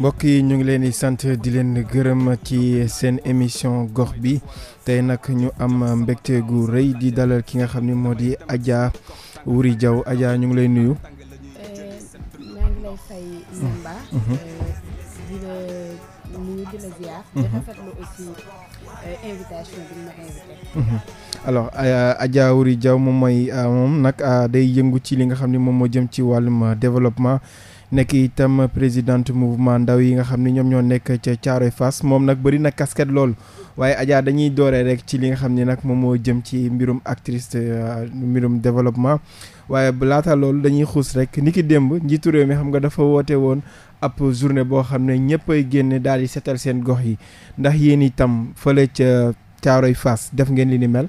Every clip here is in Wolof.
mbokk yi ñu ngi leen di sant di leen gërëm ci seen émission gox bi tey nag ñu am mbégte gu rëy di dalal ki nga xam ni moo di Adja Wuri Diaw Adja ñu ngi lay nuyu. Eh, maa ngi lay fay moom mooy ah, moom nag ah, day yëngu ci li nga xam ni moom moo jëm ci wàllum ah, développement. nekk itam présidente mouvement ndaw yi nga xam ni ñoom ñoo nekk ca caaroy Fass moom nag bëri na casquette lool waaye Adja dañuy dooree rek ci li nga xam ni nag moom moo jëm ci mbirum actrice euh, mbirum développement waaye laata loolu dañuy xuus rek ni ki démb njiitu réew mi xam nga dafa woote woon ab journée boo xam ne ñëpp ay génn daal di setal seen gox yi ndax yéen itam fële ca Thiaroye fas def ngeen li ni mel.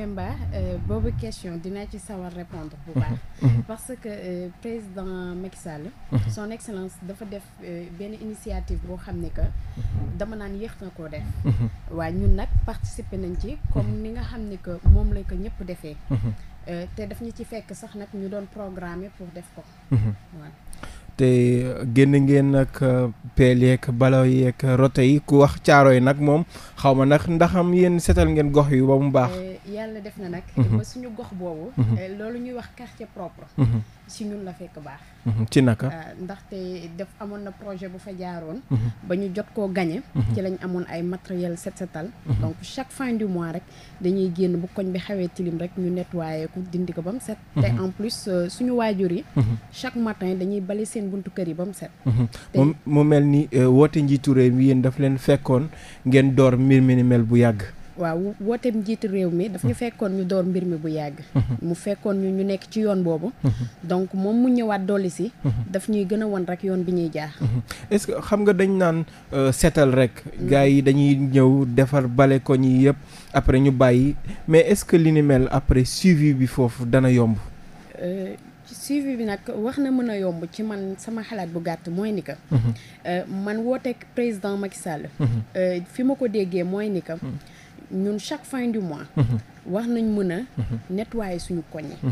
Mbemba euh, boobu question dinaa ci sawar répondre bu baax mhm. Mhm. parce que euh, président Macky Sall mhm. son excellence dafa def euh, benn initiative boo xam ne que dama naan yéex na koo def waaye ñun nag participer nañ ci comme ni nga xam ne que moom lañ ko ñëpp defee te daf ñu ci fekk sax nag ñu doon programme pour def ko waaw te génn ngeen nag euh, peel yeeg balaw yeeg rote yi ku wax caaro yi nag moom xaw ma nag ndaxam yéen seetal ngeen gox yi ba mu baax. Euh, yàlla def na nag. Mhm. ba suñu gox boobu. Mhm. Euh, loolu ñuy wax quartier propre. Mhm. si ñun la fekk baax. Mhm. ci naka. Euh, ndaxte def amoon na projet bu fa jaaroon. Mhm. ba ñu jot koo gagné. Mhm. ci lañ amoon ay matériel set setal. donc chaque fin du mois rek dañuy génn bu koñ bi xawee tilim rek ñu nettoyé ko dindi ko ba mu set. te en plus euh, suñu waajur yi. chaque matin dañuy bale seen buntu kër yi ba mu set. mu mel ni euh, woote njiitu réew mi yéen daf leen fekkoon ngeen door mbir mi ni mel bu yàgg. waaw wooteem jiitu réew mi daf ñu fekkoon ñu door mbir mi bu yàgg mu fekkoon ñu ñu nekk ci yoon boobu donc moom mu ñëwaat dolli si daf ñuy gën a won rek yoon bi ñuy jaar est-ce que xam nga dañ naan euh, seetal rek gars yi dañuy ñëw defar bale ko ñi yëpp après ñu bàyyi mais est-ce que li ni mel après suivi bi foofu dana yomb euh, suivi bi nag wax na mën a yomb ci man sama xalaat bu gàtt mooy ni mhm. euh, man woo wooteek président Macky Sall mhm. fi ma ko déggee mooy ni mhm. ñun chaque fin du mois. Mhm. wax nañ mën a. Mhm. nettoyer suñu koñ yi.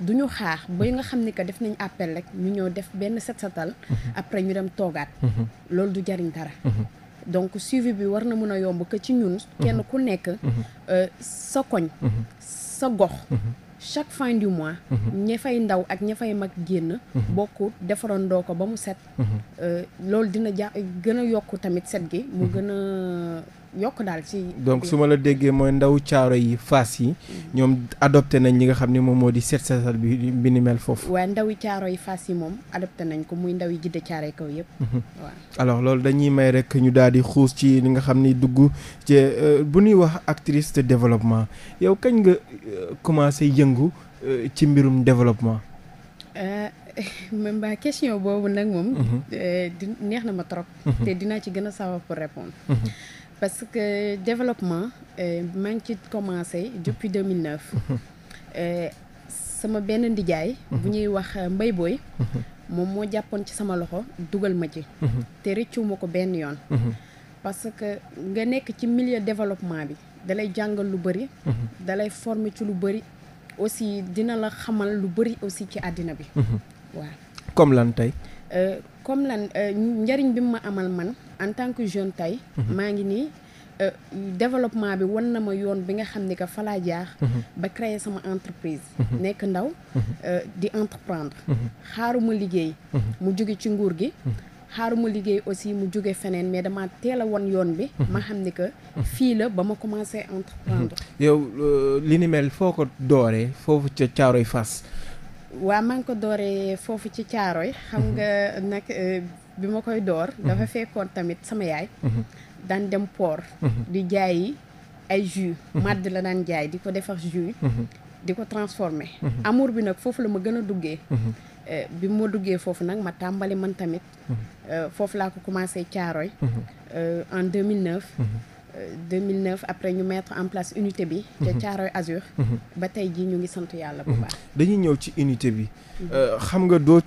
du ñu ba nga xam ni que def nañ appel rek ñu ñëw def benn set setal mhm. après ñu dem toogaat. loolu du jariñ dara. donc suivi bi war na mën a yomb que ci ñun. kenn ku nekk euh, sa koñ. sa gox. chaque fin du mois. ña fay ndaw ak ña fay mag génn. bokku defarandoo ko ba mu set. Euh, loolu dina ja gën a yokk tamit set gi. mu gën a yokk daal ci. donc su ma la déggee mooy ndaw caaro yi fas yi. Mm-hmm. ñoom adopté nañ li nga xam ni moom moo di set setal bi bi ni mel foofu. waaw ndaw yi caaro yi fas yi moom adopté nañ ko muy ndaw yi jidde caaro yi kaw yëpp. waaw mm-hmm. alors loolu dañuy may rek ñu daal di xuus ci li nga xam ni dugg ci euh, bu ñuy wax actrice de développement yow kañ nga euh, commencé yëngu euh, ci mbirum développement. mbaa question boobu nag moom. Mm-hmm. neex na ma trop. ci gën a sawar pour répondre. parce que développement euh, maa ngi ci commencé depuis 2009. Euh, sama benn ndijaay. bu mhm. ñuy wax euh, mbay booy. Mhm. moom moo jàppoon ci sama loxo dugal ma ci. Mhm. te rëccuwuma ko benn yoon. parce que nga nekk ci millier développement bi dalay jàngal lu bëri. dalay former ci lu bëri. aussi dina la xamal lu bëri aussi ci àddina bi. waaw comme lan tey. comme lan njëriñ bi mu ma amal man. en tant que jeune tey mhm. maa ngi nii euh, développement bi wan na ma yoon bi nga xam ni que falaa jaar mhm. ba créer sama entreprise mhm. nekk ndaw euh, di entreprendre xaaruma liggéey mu jóge ci nguur gi xaaruma liggéey aussi mu jóge feneen mais dama teel a wan yoon bi ma xam ni que fii la ba ma commencé entreprendre yow euh, li foo ko dooree foofu ca Caaroy Fass waa maa ngi ko dooree foofu ci Caaroy xam nga nag bi ma koy door mhm. dafa fekkoon tamit sama yaay mhm. daan dem port mhm. di jaayi ay jus màdd la daan jaay di ko defar jus di ko transformé amour bi nag foofu la ma gën a duggee eh, bi ma duggee foofu nag ma tàmbali man tamit eh, foofu laa ko commencé caaroy eh, en 2009 2009 après ñu mettre en place unité bi ca Caaroy Azur ba tey jii ñu ngi sant yàlla bu baax dañuy ñëw ci unité bi xam nga doo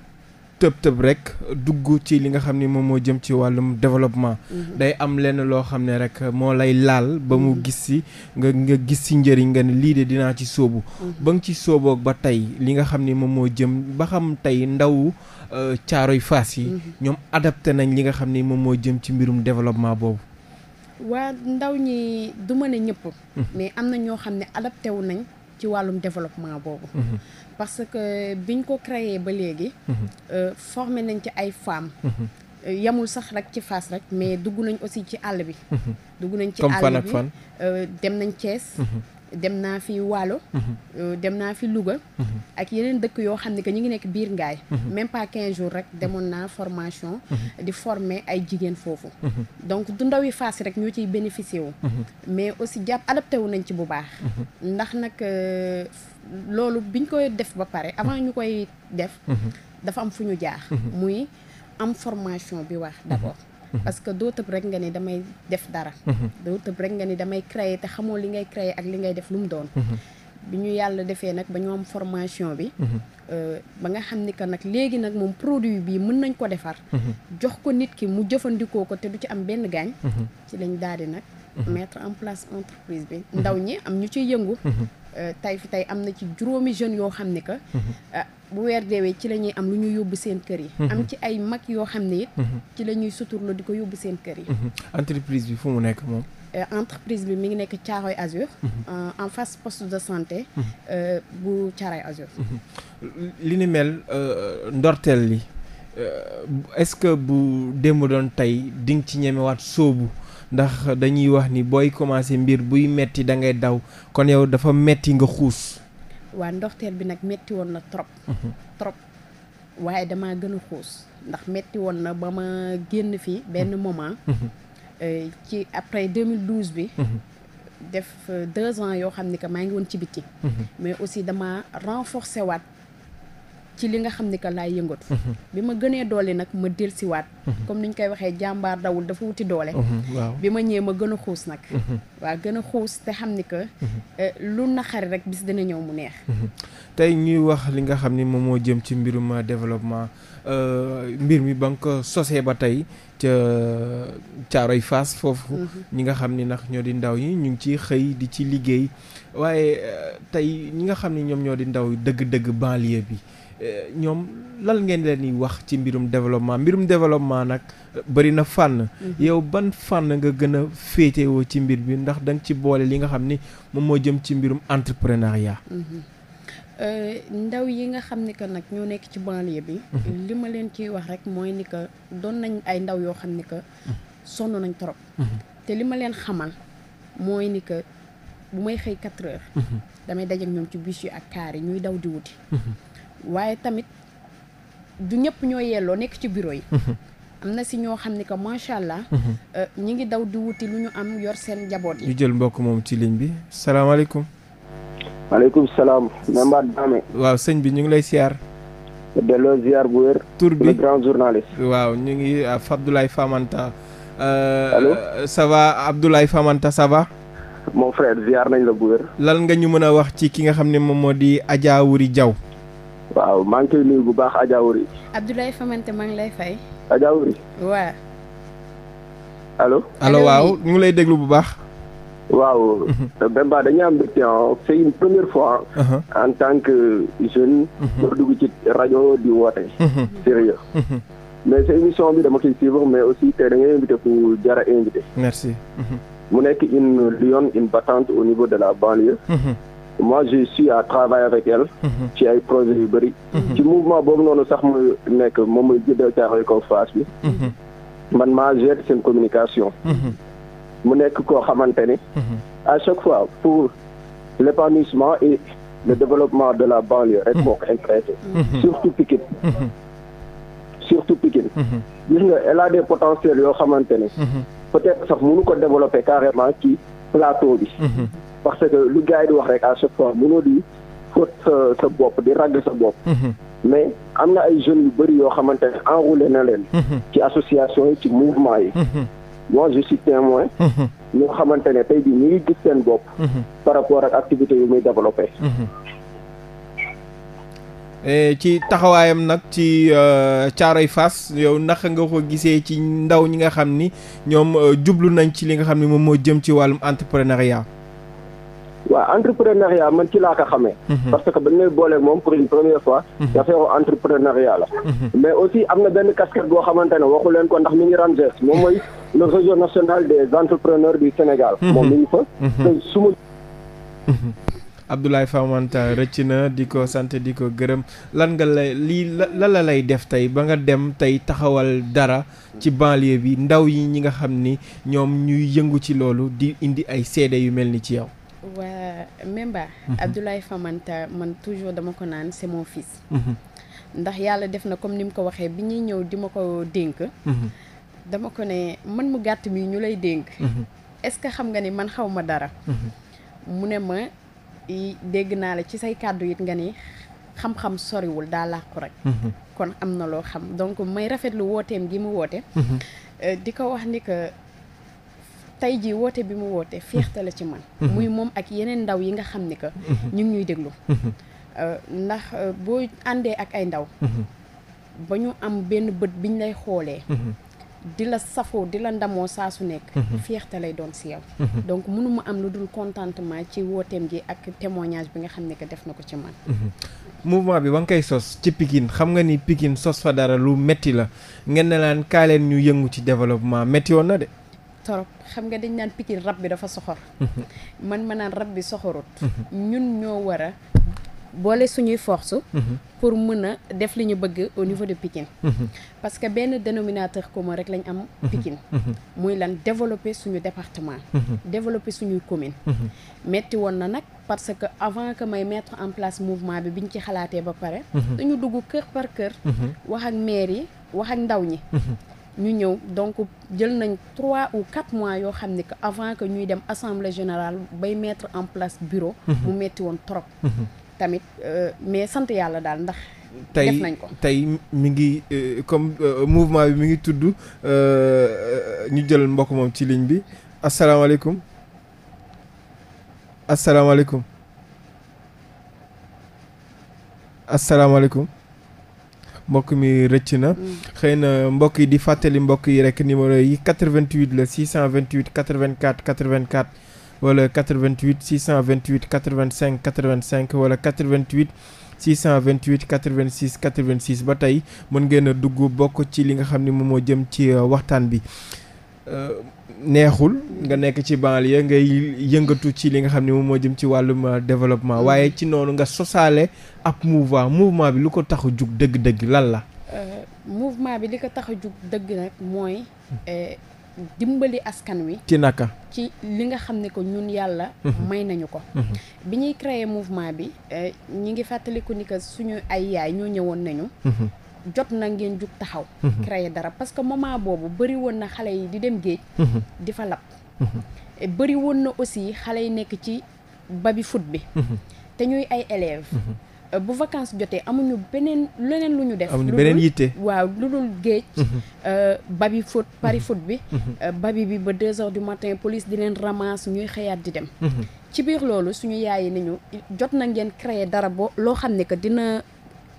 tëb tëb rek dugg ci li nga xam ni moom moo jëm ci wàllum développement. Mhm. day am lenn loo xam ne rek moo lay laal ba mu mhm. gis si nga nga gis si njëriñ nga ne lii de dinaa ci sóobu. Mhm. ba nga ci sóoboog ba tey li nga xam ni moom moo jëm ba xam tey ndaw euh, caaroy faas yi. ñoom adapté nañ li nga xam ni moom moo jëm ci mbirum développement boobu. waa ndaw ñi du ma ne ñëpp. mais am na ñoo xam ne adapté wu nañ ci wàllum développement boobu. parce que biñ ko créé ba léegi. Mhm. Euh, formé nañ ci ay femmes. Mhm. Euh, yamul sax rek ci Fass rek mais dugg nañ aussi ci àll bi. Mhm. dugg nañ ci àll bi euh, dem nañ Thiès. dem naa fi Waalo. Mhm. dem naa fi Louga. Mhm. ak yeneen dëkk yoo xam ne que ñu ngi nekk biir Ngaay. Mhm. même pas 15 jours rek demoon naa formation. di former ay jigéen foofu. donc du ndaw yi Fass rek ñoo ciy bénéficier wu. mais aussi jàpp adapté wu nañ ci bu baax. ndax nag euh, loolu biñ koy def ba pare avant ñu koy def. dafa am fu ñu jaar. muy am formation bi wax d'abord. Mhm. parce que doo tëb rek nga ni damay def dara mhm. doo tëb rek nga ni damay créer te xamoo li ngay créer ak li ngay def lu mu doon mhm. bi ñu yàlla defee nag ba ñu am formation bi euh, ba nga xam ni que nag léegi nag moom produit bii mën nañ ko defar jox ko nit ki mu jëfandikoo ko te du ci am benn gaañ ci lañ daal di nag mettre en place entreprise bi ndaw ñi am ñu ciy yëngu euh, tey fi tey am na ci juróomi jeunes yoo xam ni que euh, bu weer deewee ci la ñuy am lu ñu yóbbu seen kër yi mhm. am ci ay mag yoo xam ne it mhm. ci la ñuy suturloo di ko yóbbu seen kër yi mhm. entreprise bi fu mu nekk moom euh, entreprise bi mi ngi nekk Thiaroye Azur euh, en face poste de santé euh, bu Thiaroye Azur li ni mel ndortel li est-ce que bu démb doon tey di nga ci ñemewaat sóobu ndax dañuy wax ni booy commencé mbir buy metti da ngay daw kon yow dafa metti nga xuus waa ndoxteel bi nag metti woon na trop mhm. trop waaye damaa gën a xuus ndax metti woon na ba ma génn fii benn mhm. moment mhm. Euh, ci après 2012 bi def euh, deux ans yoo xam ni que maa ngi woon ci biti mais aussi dama renforcer waat ci li nga xam ni que laay yëngatu mhm. bi ma gënee doole nag ma delsiwaat mhm. comme ni ñu koy waxee jàmbaar dawul dafa wuti doole mhm, waaw bi ma ñëwee ma gën a xuus nag waaw gën a xuus te xam ni que eh, lu naqari rek bis dina ñëw mu neex tey ñuy wax li nga xam ni moom moo jëm ci mbirum développement euh, mbir mi ba nga ko sosee ba tey ca caaroy fas foofu ñi nga xam ni nag ñoo di ndaw yi ñu ngi ciy xëy di ci liggéey waaye euh, tey ñi nga xam ni ñoom ñoo di ndaw dëgg-dëgg banlieue bi ñoom lal ngeen leen di wax ci mbirum développement mbirum développement nag bëri na fànn. Mhm. yow ban fànn nga gën a féetewoo ci mbir bi ndax danga ci boole li nga xam ni moom moo jëm ci mbirum entrepreneuriat. Mhm. Euh, ndaw yi nga xam ni que nag ñoo nekk ci banlieue bi. Mhm. li ma leen ciy wax rek mooy ni que doon nañ ay ndaw yoo xam ni que sonn nañ trop. te li ma leen xamal mooy ni que bu may xëy 4 heures. damay daje ak ñoom ci bus yi ak kaar yi ñuy daw di wuti. waaye tamit du ñëpp ñoo yelloo nekk ci bureau yi. Mhm. am na si ñoo xam ni que macha allah. Mhm. Euh, ñi ngi daw di wuti lu ñu am yor seen njaboot yi. ñu jël mbokk moom ci ligne bi salaamaaleykum. maaleykum salaam. Memba waaw sëñ bi ñu ngi lay siyaar. delloo tur bi waaw ñu ngi euh, euh, Abdoulaye Famanta. allo ça Famanta ça va. mon frère ziar nañ la bu wér. lan nga ñu mën a wax ci ki nga xam ne moom moo di Adja Wuri Diaw. waaw maa ngi koy nuyu bu baax Adja Wuri. Abdoulaye Famante maa ngi lay fay. Adja Wuri. waaw. alo allo waaw ñu ngi lay déglu bu baax. waaw. Mhm. Bemba dañuy am mbégte ah. c'est une première fois. Ah. Uh-huh. en tant que jeune. pour mhm. dugg ci rajo di woote. Mhm. sérieux. mais sa émission bi dama koy suivre mais aussi tey da ngay invité ku jara invité. merci. mu nekk une lionne une battante au niveau de la banlieue. moi je suis à travailler avec elle. Mhm. ci ay projets yu bëri. Mhm. ci mouvement boobu noonu sax mu nekk moom mooy jëndal caaxaan kaw face bi. Mhm. man maa gère seen communication. mu nekk koo xamante ni. à chaque fois pour l' épanouissement et le développement de la banlieue rek moo ko intéressé. surtout Pikine. surtout Pikine. gis nga elle a des potentiels yoo xamante ni. peut-être sax mënu ko développer carrément ci plateau bi. parce que lu gars yi di wax rek à chaque fois mënoo di fóot sa sa bopp di ragg sa bopp. Mm-hmm. mais am na ay jeunes yu bëri yoo xamante ne enrôlé na leen. Mm-hmm. ci association yi ci mouvement yi. Mm-hmm. moi je suis témoin. ñoo xamante ne tey jii ñu ngi gis seen bopp. par rapport ak activité yu muy développé. Eh, ci taxawaayam nag ci Caaroy euh, fas yow ndax nga ko gisee ci ndaw ñi nga xam ni ñoom euh, jublu nañ ci li nga xam ni moom moo jëm ci wàllum entrepreneuriat. waaw entrepreneuriat man ci laa ko xamee. Mhm. parce que dañ lay booleeg moom pour une première fois. dafay mhm. wax entrepreneuriat la. Mhm. mais aussi am na benn casquette boo xamante ne waxu leen ko ndax mi ngi Ramses moom mooy le réseau national des entrepreneurs du moom mi ngi su ma. Abdoulaye Famanta rëcc na di ko sant di ko gërëm lan nga lay lii lan la lay def tey ba nga dem tey taxawal dara ci banlieue bi ndaw yi ñi nga xam ni ñoom ñuy yëngu ci loolu di indi ay seede yu mel ni ci yow. waa Memba. Mhm. Abdoulaye Famanta man toujours dama ko naan c'est mon fils. Mhm. ndax yàlla def na comme ni mu ko waxee bi ñuy ñëw di ma ko dénk. Mhm. dama ko ne man mu gàtt mi ñu lay dénk. est-ce que xam nga ni man xaw ma dara. mu ne ma dégg naa la ci say kàddu yit nga ni xam-xam soriwul daa làqu rek. kon am na loo xam donc may rafetlu wooteem gi mu woote. Euh, di ko wax ni que. tey jii woote bi mu woote fierté la ci man mhm. muy moom ak yeneen ndaw yi nga xam ni que mhm. ñu ngi ñuy déglu mhm. euh, ndax euh, boo àndee ak ay ndaw ba ñu am benn bët biñ lay xoolee di la safoo di la ndamoo saa su nekk fierté lay doon si yow donc mënuma am lu dul contentement ci wooteem gi ak témoignage bi nga xam ne que def na ko ci man mouvement bi ba nga koy sos ci Pikine xam nga ni Pikine sos fa dara lu metti la ngeen ne laan kaa ñu yëngu ci développement metti woon na torop xam nga dañ naan Pikine rab bi dafa soxor mhm. man ma naan rab bi soxorut mhm. ñun ñoo war a boole suñuy force mhm. pour mën a def li ñu bëgg au niveau de Pikine parce que benn dénominateur commun rek lañ am Pikine muy lan développer suñu département développer suñuy commune metti woon na nag parce que avant que may mettre en place mouvement bi biñ ci xalaatee ba pare dañu dugg kër par kër wax ak maire yi wax ak ndaw ñi ñu ñëw donc jël nañ trois ou quatre mois yoo xam ni que avant que ñuy dem assemblée générale bay mettre en place bureau mhm. mu metti woon trop mhm. tamit euh, mais sant yàlla daal ndax tey tey mi ngi euh, comme euh, mouvement bi mi ngi tudd ñu jël mbokk moom ci ligne bi asalaamaaleykum asalaamaaleykum asalaamaaleykum mbokk mi rëcc na. Mm. xëy na mbokk yi di fàttali mbokk yi rek numéro yi 88 la 628 84 84. wala 88 628 85 85 wala 88 628 86 86 ba tey mën ngeen a dugg bokk ci li nga xam ni moom moo jëm ci euh, waxtaan bi. Euh, neexul nga nekk ci banlieue ngay yëngatu ci li nga xam ne moom moo jëm ci wàllum euh, développement mm-hmm. waaye ci noonu nga sosaale ab mouvement mouvement bi lu ko tax a jug dëgg-dëgg lan la. Euh, mouvement bi li ko tax a jug dëgg nag mooy euh, dimbali askan wi. ci naka. ci li nga xam ne ko ñun yàlla. Mm-hmm. may nañu ko. Mm-hmm. bi ñuy créer mouvement bi ñu ngi fàttaliku ni que suñu ay yaay ñoo ñëwoon nañu. jot na ngeen jug taxaw. Mhm. créer dara parce que moment boobu bëri woon na xale yi di dem géej. Mhm. di fa lab. Mhm. bëri woon na aussi xale yi nekk ci babi foot bi. te ñuy ay élèves. Euh, bu vacances jotee amuñu beneen leneen lu ñu def. amuñu waaw lu dul géej. Euh, babi foot pari foot bi. Euh, babi bi ba deux heures du matin police di leen ramasse ñuy xëyaat di dem. ci biir loolu suñu yaay yi jot na ngeen créer dara boo loo xam ne dina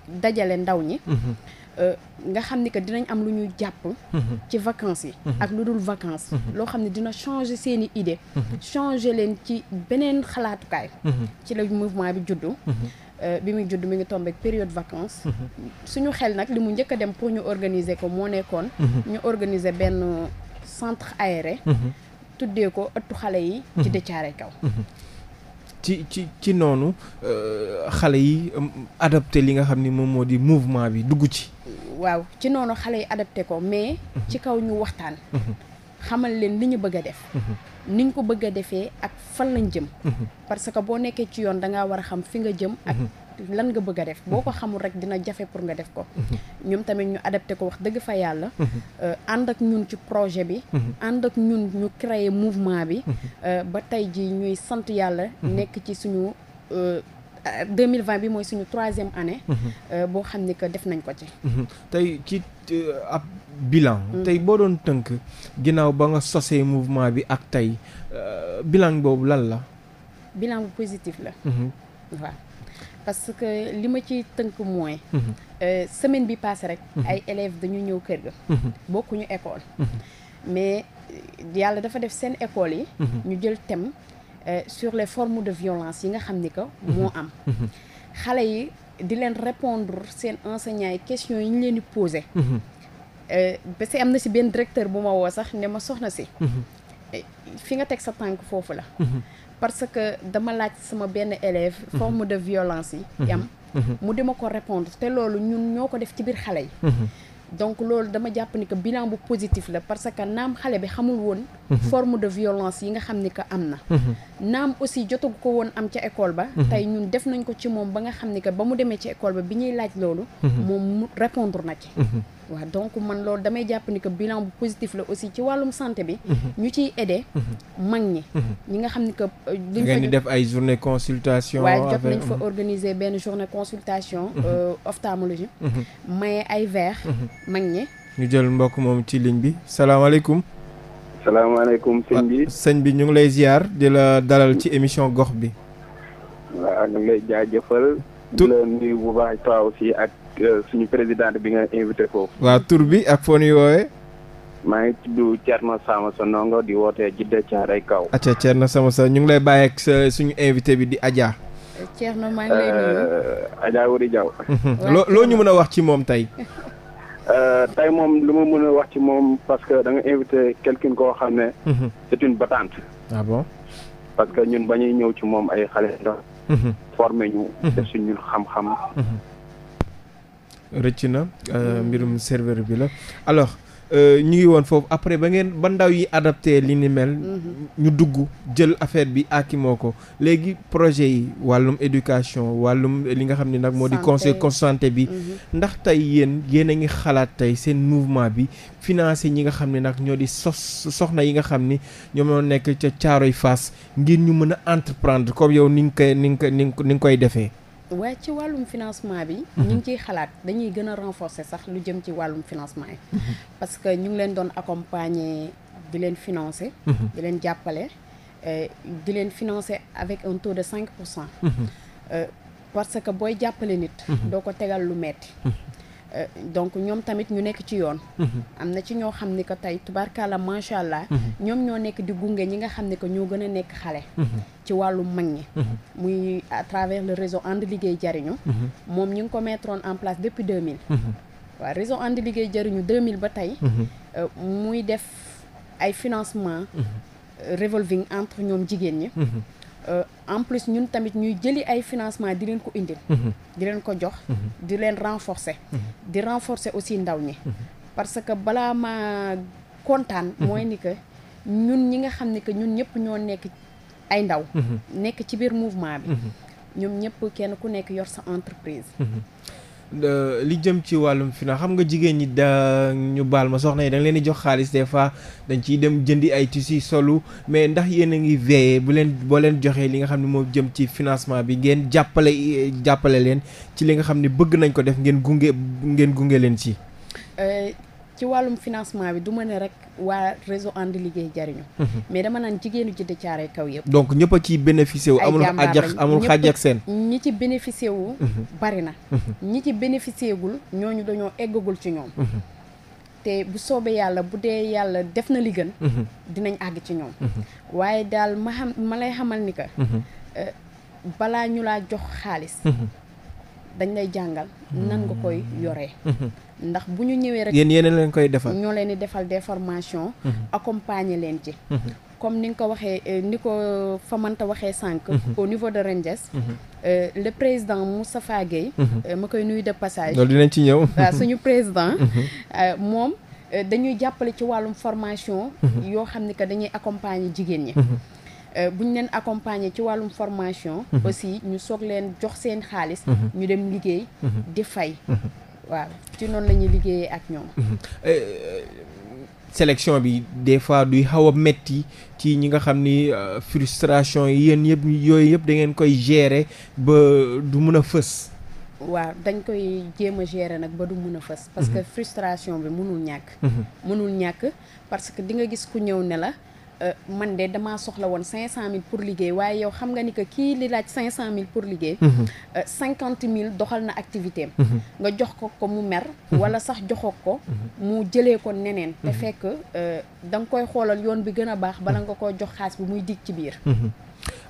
dajale ndaw ñi. Mhm. Euh, nga xam ni que dinañ am lu ñu jàpp. Mhm. ci vacances yi. Mhm. ak lu dul vacances. loo xam ne dina changer seen i idée. changer leen ci beneen xalaatukaay. ci la mouvement bi juddu. Euh, bi muy judd mi ngi tombé période vacances. suñu xel nag li mu njëkk a dem pour ñu organiser ko moo nekkoon. ñu organiser benn centre aéré. tuddee ko ëttu xale yi. ci Déthiaray kaw. ci ci ci noonu euh, xale yi euh, adapté li nga xam ni moom moo di mouvement bi dugg ci. waaw ci noonu xale yi adapté ko mais. Mhm. ci kaw ñu waxtaan. Mhm. xamal leen li ñu bëgg a def. Mhm. ni ñu ko bëgg a defee ak fan lañ jëm. parce que boo nekkee ci yoon da war a xam fi nga jëm ak. lan nga bëgg a def boo ko xamul rek dina jafe pour nga def ko ñoom tamit ñu adapté ko wax dëgg fa yàlla euh, ànd ak ñun ci projet bi ànd ak ñun ñu créer mouvement bi euh, ba tey ji ñuy sant yàlla nekk ci suñu 2020 euh, bi mooy suñu troisième année boo xam ni que def nañ ko ci tey ci ab bilan tey boo doon tënk ginnaaw ba nga sosee mouvement bi ak tey bilan boobu lan la bilan bu positif la mhm. waaw parce que li ma ci tënk mooy. Mhm. Euh, semaine bi passé rek. Mhm. ay élèves dañu ñëw kër ga. Mhm. bokkuñu école. mais euh, yàlla dafa def seen école yi. ñu jël thème euh, sur les formes de violence yi nga xam ni que moo am. xale yi di leen répondre seen enseignants yi questions yi ñu leen di posé. ba si am na si benn directeur bu ma woo sax ne ma soxna si. fi nga teg sa tànk foofu la. parce que dama laaj sama benn élève mhm. forme de violence yi mhm. am mhm. mu dima ko répondre te loolu ñun ñoo ko def ci biir xale yi donc loolu dama jàpp ni que bilan bu positif la parce que naam xale bi xamul woon forme de violence yi nga xam ni que am na naam aussi jotagu ko woon am ca école ba tey ñun def nañ ko ci moom ba nga xam ni que ba mu demee ci école ba bi ñuy laaj loolu moom répondre na ci waa donc man loolu damay jàpp ni que bilan bu positif la aussi ci wàllum santé bi. Mhm. ñu ciy aidé. Mhm. mag ñi. Mhm. ñi nga xam ni que. Euh, li ngeen di def ay journée consultation. waaw jot nañ fa organiser benn journée consultation. Euh, ophtalmologie. maye ay verre. mag ñi. ñu jël mbokk moom ci ligne bi salaamaaleykum. salaamaaleykum ah, sëñ bi ñu ngi lay ziar di la dalal ci émission gox bi. waaw ñu ngi lay jaajëfal. di la nuyu bu baax toi aussi ak. Euh, suñu présidente bi nga invité foofu. waaw tur bi ak foo ñuy woowee. maa ngi tudd Thierno Samassa Ndongo di wootee Jidda Caaray Kaw. acca Thierno Samassa ñu ngi lay bàyyi ak sa suñu invité bi di Adja. Thierno maa ngi lay euh, nuyu. Adja Wuri Diaw. Mhm. loo loo ñu mën a wax ci moom tey. Euh, tey moom lu ma mën a wax ci moom parce que da nga invité quelqu'un koo xam ne. Mhm. c'est une battante. ah bon. parce que ñun ba ñuy ñëw ci moom ay xale ndaw. Mhm. formé ñu. def suñu xam-xam. rëcc na euh, mbirum serveur bi la alors euh, ñu ngi woon foofu après ba ngeen ba ndaw yi adapté li ni mel mhm. ñu dugg jël affaire bi aakimoo ko léegi projet yi wàllum éducation wàllum li nga xam ne nag moo di conseil santé bi mhm. ndax tey yéen yéen a ngi xalaat tey seen mouvement bi financé ñi nga xam ne nag ñoo di sos soxna yi nga xam ni ñoom ñoo nekk ca caaroy fas ngir ñu mën a entreprendre comme yow ni nga koy ni nga koy ni nga koy defee waaye ci wàllum financement bi. Mhm. ñu ngi ciy xalaat dañuy gën a renforcer sax lu jëm ci wàllum financement yi. Mhm. parce que ñu ngi leen doon accompagner di leen financer. Mhm. di leen jàppale eh, di leen financer avec un taux de cinq pour cent. Euh, parce que booy jàppale nit. doo ko tegal lu metti Euh, donc ñoom tamit ñu nekk ci yoon. Mhm. am na ci ñoo xam ni que tey tubaarkàlla macha allah. Mhm. ñoom ñoo nekk di gunge ñi nga xam ni que ñoo gën a nekk xale. Mhm. ci wàllum mag ñi. muy à travers le réseau ànd liggéey jariñu. moom ñu ngi ko mettroon en place depuis 2000. waaw réseau ànd liggéey jariñu 2000 ba tey. Euh, muy def ay financement revolving entre ñoom jigéen ñi. Euh, en plus ñun tamit ñuy jëli ay financement di leen ko indi mhm. di leen ko jox mhm. di leen renforcer mhm. di renforcer aussi ndaw ñi parce que balaa ma kontaan mooy ni que ñun ñi nga xam ne que ñun ñëpp ñoo nekk ay ndaw nekk ci biir mouvement bi ñoom ñëpp kenn ku nekk yor sa entreprise li jëm ci wàllum finance xam nga jigéen ñi da ñu baal ma soxna yi dañ leen di jox xaalis des fois dañ ciy dem jëndi ay tissus solu mais ndax yéen a ngi veillé bu leen boo leen joxee li nga xam ne moo jëm ci financement bi ngeen jàppale jàppale leen ci li nga xam ni bëgg nañ ko def ngeen gunge ngeen gunge leen ci euh, ci wàllum financement bi du ma ne rek waa réseau ànd liggéey jariñu mhm. mais dama naan jigéenu Djiddah Thiaroye Kaw yëpp donc ñëpp a ciy bénéficié wu amul ajax amul xaaj seen ñi ci bénéficié wu mhm. bari na mhm. ñi ci bénéficié ñoo ñu dañoo eggagul ci ñoom te bu soobee yàlla bu dee yàlla def na li gën dinañ àgg ci ñoom waaye daal ma xam ma lay xamal ni que euh, balaa ñu laa jox xaalis dañ lay jàngal nan nga koy yoree mhm. ndax bu ñu ñëwee rek yéen yéen lañ koy defal ñoo leen di defal des formation mhm. accompagner leen ci mhm. comme ni nga ko waxee eh, ni ko Famanta waxee sànq au niveau de Rangers eh, le président Moustapha Gueye eh, ma koy nuyu de passage loolu dinañ ci ñëw waaw suñu président moom dañuy jàppale ci wàllum formation yoo xam ni que dañuy accompagner jigéen ñi Euh, bu ñu leen accompagner ci wàllum formation. Mhm. aussi ñu soog leen jox seen xaalis. Mhm. ñu dem liggéey. Mhm. di fay. waaw ci noonu lañuy liggéeyee ak ñoom. Euh, sélection bi des fois duy xaw a métti ci ñi nga xam ni euh, frustration yi yéen yëpp yooyu yëpp da ngeen koy gérer ba du mun a fës. waaw dañ koy jéem a gérer nag ba du mun a fës. parce que frustration bi munul ñàkk. mënul ñàkk parce que di nga gis ku ñëw nela Euh, man de damaa soxla woon cinq cent mille pour liggéey waaye yow xam nga ni que kii li laaj cinq cent mille pour liggéey mhm. euh, cinquante mille doxal na activité mhm. nga jox ko ko mu mer mhm. wala sax joxoo ko mu jëlee ko neneen te fekk euh, da nga koy xoolal yoon bi gën a baax bala nga ko jox xaalis bi muy dig ci biir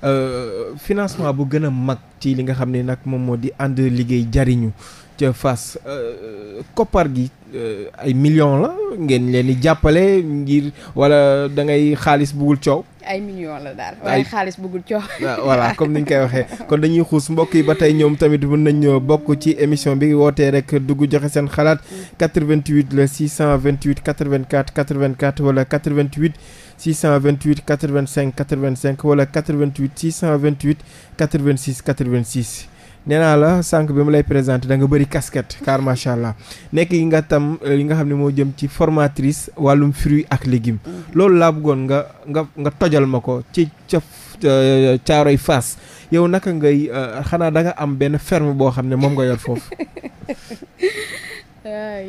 Euh, financement bu gën a mag ci li nga xam ne nag moom moo di ànd liggéey jariñu ca Fass euh, koppar gi euh, ay millions la ngeen leen di jàppale ngir wala da ngay xaalis bugul coow. ay millions la daal waaye xaalis bëggul coow. Ah, comme ni ñu koy waxee kon dañuy xuus mbokk yi ba tey ñoom tamit mën nañ bokk ci émission bi wootee rek dugg joxe seen xalaat 88 la 628 84 84 wala 88. 628 85 85 wala 88 628 86 86. nee naa la sànq bi mu lay présenté da nga bëri casquette car macha allah nekk yi nga tam li nga xam ne moo jëm ci formatrice wàllum fruits ak légumes. Mm-hmm. loolu laa bëggoon nga nga nga tojal ma ko ci ca caaroy fas yow naka ngay euh, xanaa da nga am benn ferme boo xam ne moom nga yor foofu.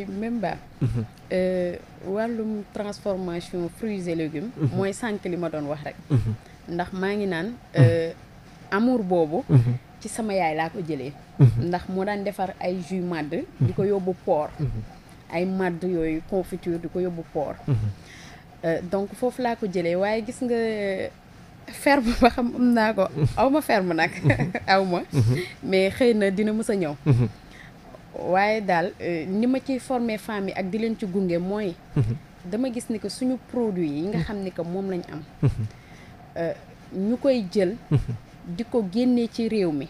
même ba mhm. euh, wàllum transformation fruits et légumes mhm. mooy sànq li ma doon wax rek mhm. ndax maa ngi naan euh, amour boobu ci sama yaay laa ko jëlee ndax moo daan defar ay jus màdd di ko yóbbu port ay màdd yooyu confiture di ko yóbbu port euh, donc foofu laa ko jëlee waaye gis nga ferme ba xam naa ko aw ma ferme nag aw mais xëy na dina mës a ñëw waaye daal euh, ni ma ciy former femmes yi ak di leen ci gunge mooy. Mhm. dama gis ni que suñu produit yi nga mhm. xam ni que moom lañu am. Mhm. Euh, ñu koy jël. di ko génnee ci réew mi.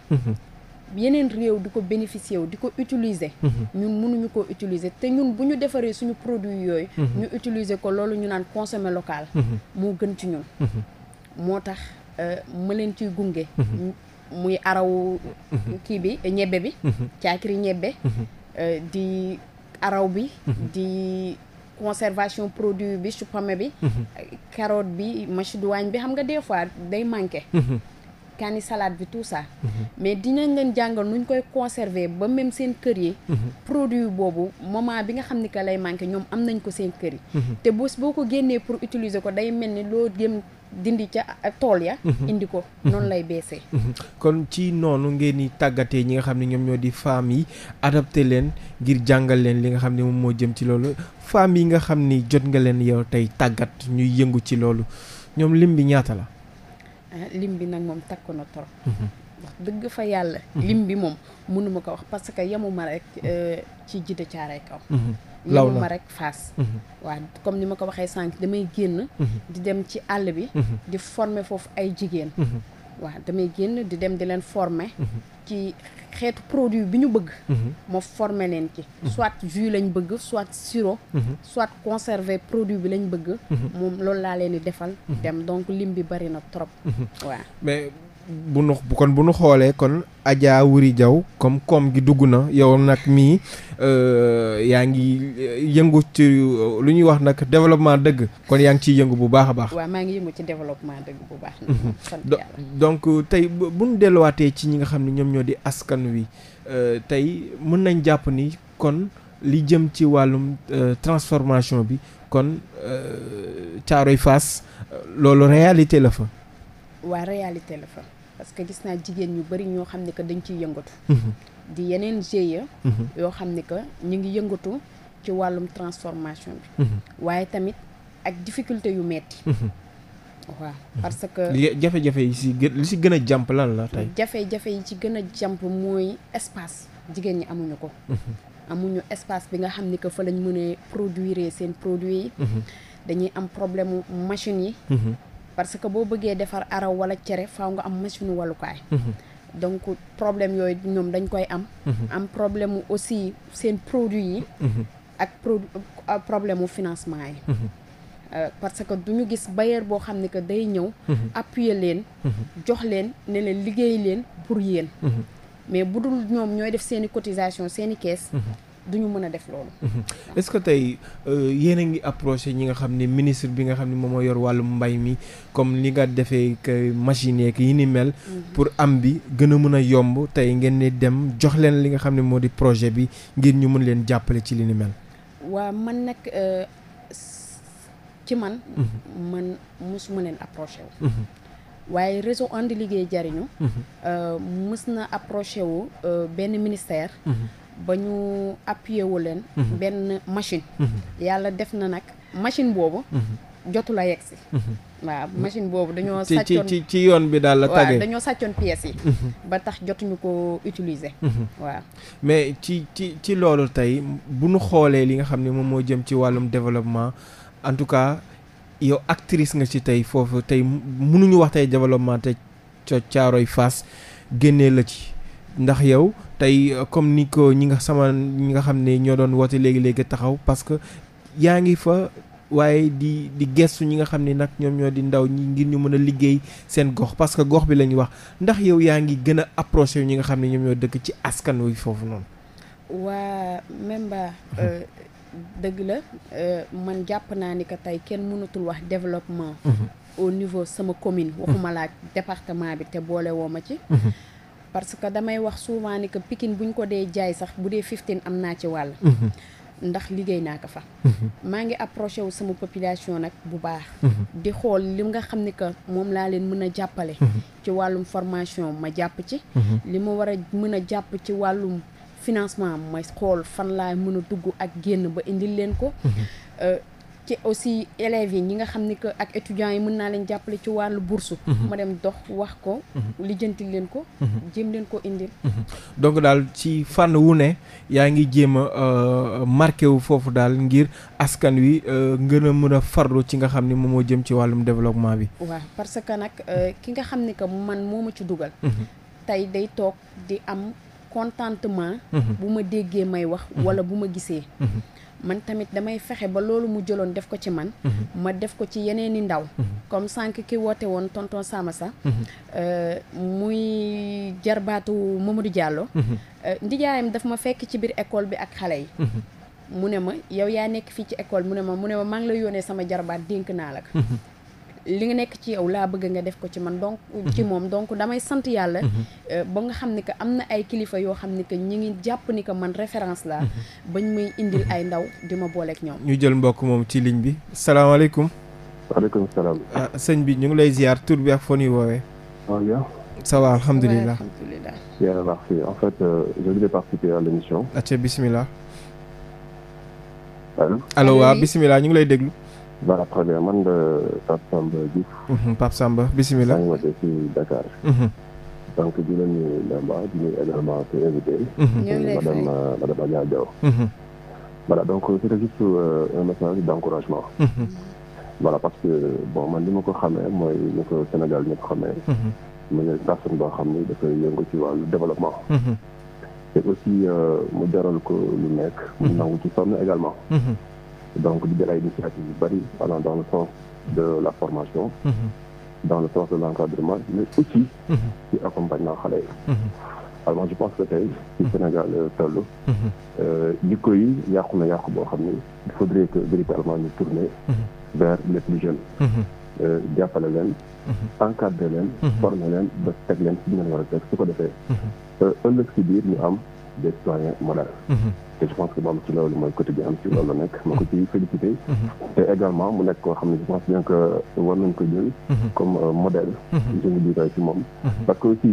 yeneen réew di ko bénéficier wu di ko utiliser. ñun mënuñu ko utiliser te ñun bu ñu defaree suñu produit yooyu. ñu utiliser ko loolu ñu naan consommer local. moo gën ci ñun. moo tax euh, ma leen ciy gunge. muy araw mhm. kii bi ñebbe bi mhm. caakiri ñebbe mhm. euh, di araw bi di conservation produit bi chou pommé bi carotte bi machidouane bi xam nga des fois day manqué kaani salade bi tout ça mais dinañ leen jàngal nuñ koy conserver ba même seen kër yi produit boobu moment bi nga xam ni que lay manqué ñoom am nañ ko seen kër yi te bés boo ko génnee pour utiliser ko day mel ni loo gém dindi ca tool ya mhm. indi ko mhm. noonu lay beesee mhm. kon ci noonu ngeen di tàggatee ñi nga xam ne ñoom ñoo di femmes yi adapté leen ngir jàngal leen li nga xam ne moom moo jëm ci loolu femmes yi nga xam ni jot nga leen yow tey tàggat ñuy yëngu ci loolu ñoom lim bi ñaata la ah, lim bi nag moom takku na trop dëgg fa yàlla lim bi moom mënuma ko wax parce que yemuma rek eh, ci jidda caaray kaw law na ma rek Fass mhm. waaw comme ni ma ko waxee sànq damay génn mhm. di dem ci àll bi mhm. di former foofu ay jigéen waaw damay génn di dem di leen former ci xeetu produit bi ñu bëgg ma former leen ci soit jus lañ bëgg soit sirop soit conserver produit bi lañ bëgg moom loolu laa leen di defal dem donc lim bi bari na trop waaw bu nu kon bu nu xoolee kon Adja Wuri Jaw comme koom gi dugg na yow nag mii euh, yaa ngi euh, yëngu ci euh, lu ñuy wax nag développement dëgg kon yaa ngi ciy yëngu bu baax a baax. waaw maa ngi yëngu ci développement dëgg mhm. donc tey bu ñu delluwaatee ci ñi nga xam ne ñoom ñoo di askan wi tey mën nañ jàpp ni kon li jëm ci wàllum transformation bi kon Caaroy fas loolu réalité la fa. waa réalité la fa. parce que gis naa jigéen ñu bari ñoo xam ne que dañ ciy yëngatu. Mhm. di yeneen GIE. Mhm. yoo xam ni que ñu ngi yëngatu ci wàllum transformation bi. Mhm. waaye tamit ak difficulté yu metti waaw parce que. jafe-jafe yi si gën a jàmp lan la tey. jafe-jafe yi ci gën a jàmp mooy espace jigéen ñi amuñu ko. amuñu espace bi nga xam ni que fa lañ mënee a produire seen produit yi. dañuy am problème machine yi. parce que boo bëggee defar araw wala cere faw nga am machine wallukaay mhm. donc problème yooyu ñoom dañ koy am. Mhm. am problème mu aussi seen produit yi. Mhm. ak pro problème mu financement yi. Euh, parce que du ñu gis bailleur boo xam ne que day ñëw. appuyer leen. jox leen ne leen liggéey leen pour yéen. mais bu dul ñoom ñooy def seen i cotisation seen i kees. duñu mën a def loolu. Mhm. est-ce que tey euh, yéen a ngi approché ñi nga xam ne ministre bi nga xam ne moom moo yor wàllu mbay mi comme li nga defee euh, machine yeek yi ni mel. Mhm. pour am bi gën a mën a yomb tey ngeen ne dem jox leen li nga xam ne moo di projet bi ngir ñu mën leen jàppale ci li ni mel. waa man nag euh, ci man. mën mhm. mosuma leen approché wu. waaye réseau ànd liggéey jariñu mës na approché wu benn ministère. ba ñu appuyé wu leen. Mhm. benn machine. Mhm. yàlla def na nag machine boobu. Mhm. jotul a yegg si. machine boobu dañoo. sàccoon ci ci yoon bi daal la tàggee dañoo sàccoon pièces yi. ba tax jotuñu ko utiliser. waa mais ci ci ci loolu tey bu nu xoolee li nga xam ne moom moo jëm ci wàllum développement en tout cas yow actrice nga ci tey foofu tey mu mënuñu wax tey développement te ca Caaroy Fass génnee la ci. ndax yow tey euh, comme ni ko ñi nga sama ñi nga xam ne ñoo doon woote léegi-léegi taxaw parce que yaa ngi fa waaye di di gestu ñi nga xam ne nag ñoom ñoo di ndaw ñi ngir ñu mën a liggéey seen gox parce que gox bi la ñuy wax ndax yow yaa ngi gën a approché ñi nga xam ne ñoom ñoo dëkk ci askan wi foofu noonu. waa Memba mhm. euh, dëgg la euh, man jàpp naa ni que tey kenn mënatul wax développement. Mhm. au niveau sama commune. Mhm. waxuma laaj département bi te boole woo ma ci. parce que damay wax souvent ni que Pikine buñ ko dee jaay sax bu dee am naa ci wàll. Mhm. ndax liggéey naa ko fa. Mhm. maa ngi approché wu sama population nag bu baax. Mhm. di xool li nga xam ni que moom laa leen mën a jàppale. ci wàllum formation ma jàpp ci. li ma war a mën a jàpp ci wàllum financement ma xool fan laa mën a dugg ak génn ba indil leen ko. Euh, ci aussi élèves yi ñi nga xam ni que ak étudiants yi mën naa leen jàppale ci wàllu bourse mhm. ma dem dox wax ko mhm. lijjanti leen ko mhm. jéem leen ko indil donc daal ci fànn wu ne yaa ngi jéem a euh, marqué wu foofu daal ngir askan wi ngën euh, a mën a farlu ci nga xam ne moom moo jëm ci wàllum développement bi waaw parce que nag euh, ki nga xam ni que man moo ma ci dugal tey day toog di am contentement bu ma déggee may wax wala bu ma gisee man tamit damay fexe ba loolu mu jëloon def ko ci man mm-hmm. ma def ko ci yeneen yeneeni ndaw mm-hmm. comme sànq ki woote woon tonton Samassa mm-hmm. euh, muy jarbaatu Mamadou Diallo euh, ndijaayam daf ma fekk ci biir école bi ak xale yi mu ne ma yow yaa nekk fii ci école mu ne ma mu ne ma maa la yónnee sama jarbaat dénk naa la ko li nga nekk ci yow laa bëgg nga def ko ci man donc mhm. ci moom donc damay sant yàlla mhm. euh, ba nga xam ne que am na ay kilifa yoo xam ne que ñi ngi jàpp ni que man référence la mhm. bañ may indil ay ndaw di ma booleeg ñoom ñu jël mbokk moom ci ligne bi salaamaaleykum salaam ah sëñ bi ñu ngi lay ziar tur bi ak fon yu woowee ça va alhamdulilah bien merci en fait euh, bismillah allo waa bismillah ñu ngi lay déglu voilà très man la Pape Samba Diouf. Mhm, Pape Samba bisimilah. maa ngi wootee ci Dakar. Mhm. donc di leen nuyu Ndamba di nuyu également ci invité yi. madame euh, madame euh, Adja Diaw. Mhm. voilà donc c'était juste euh, un message d'encouragement. voilà parce que bon man li ma ko xamee mooy ni ko Sénégal ñëpp xamee. mu ne personne boo xam ni dafay yëngu ci wàllu développement. te aussi mu jaral ko lu nekk. mu nangu ci sonn également. donc di jël ay initiative yu bëri allant dans le sens de la formation mhm. dans le sens de l'encadrement mais aussi ci mhm. accompagnement xale yi mhm. alors je pense que tey ci Sénégal euh, toll euh, jikko yi yàqu na yàqu boo xam ne il faudrait que véritablement ñu tourner vers les plus jeunes euh, jàppale leen encadrer leen former leen ba teg leen si ñu leen war a teg su ko defee ëllëg si biir ñu am des citoyens modèles te je pense que moom ci loolu mooy côté bi am ci loolu la nekk mhm. ma ko ci félicité mhm. également mu nekk koo xam ne je pense bien que war nañ ko jël mhm. comme euh, modèle je me dirais si moom parce que aussi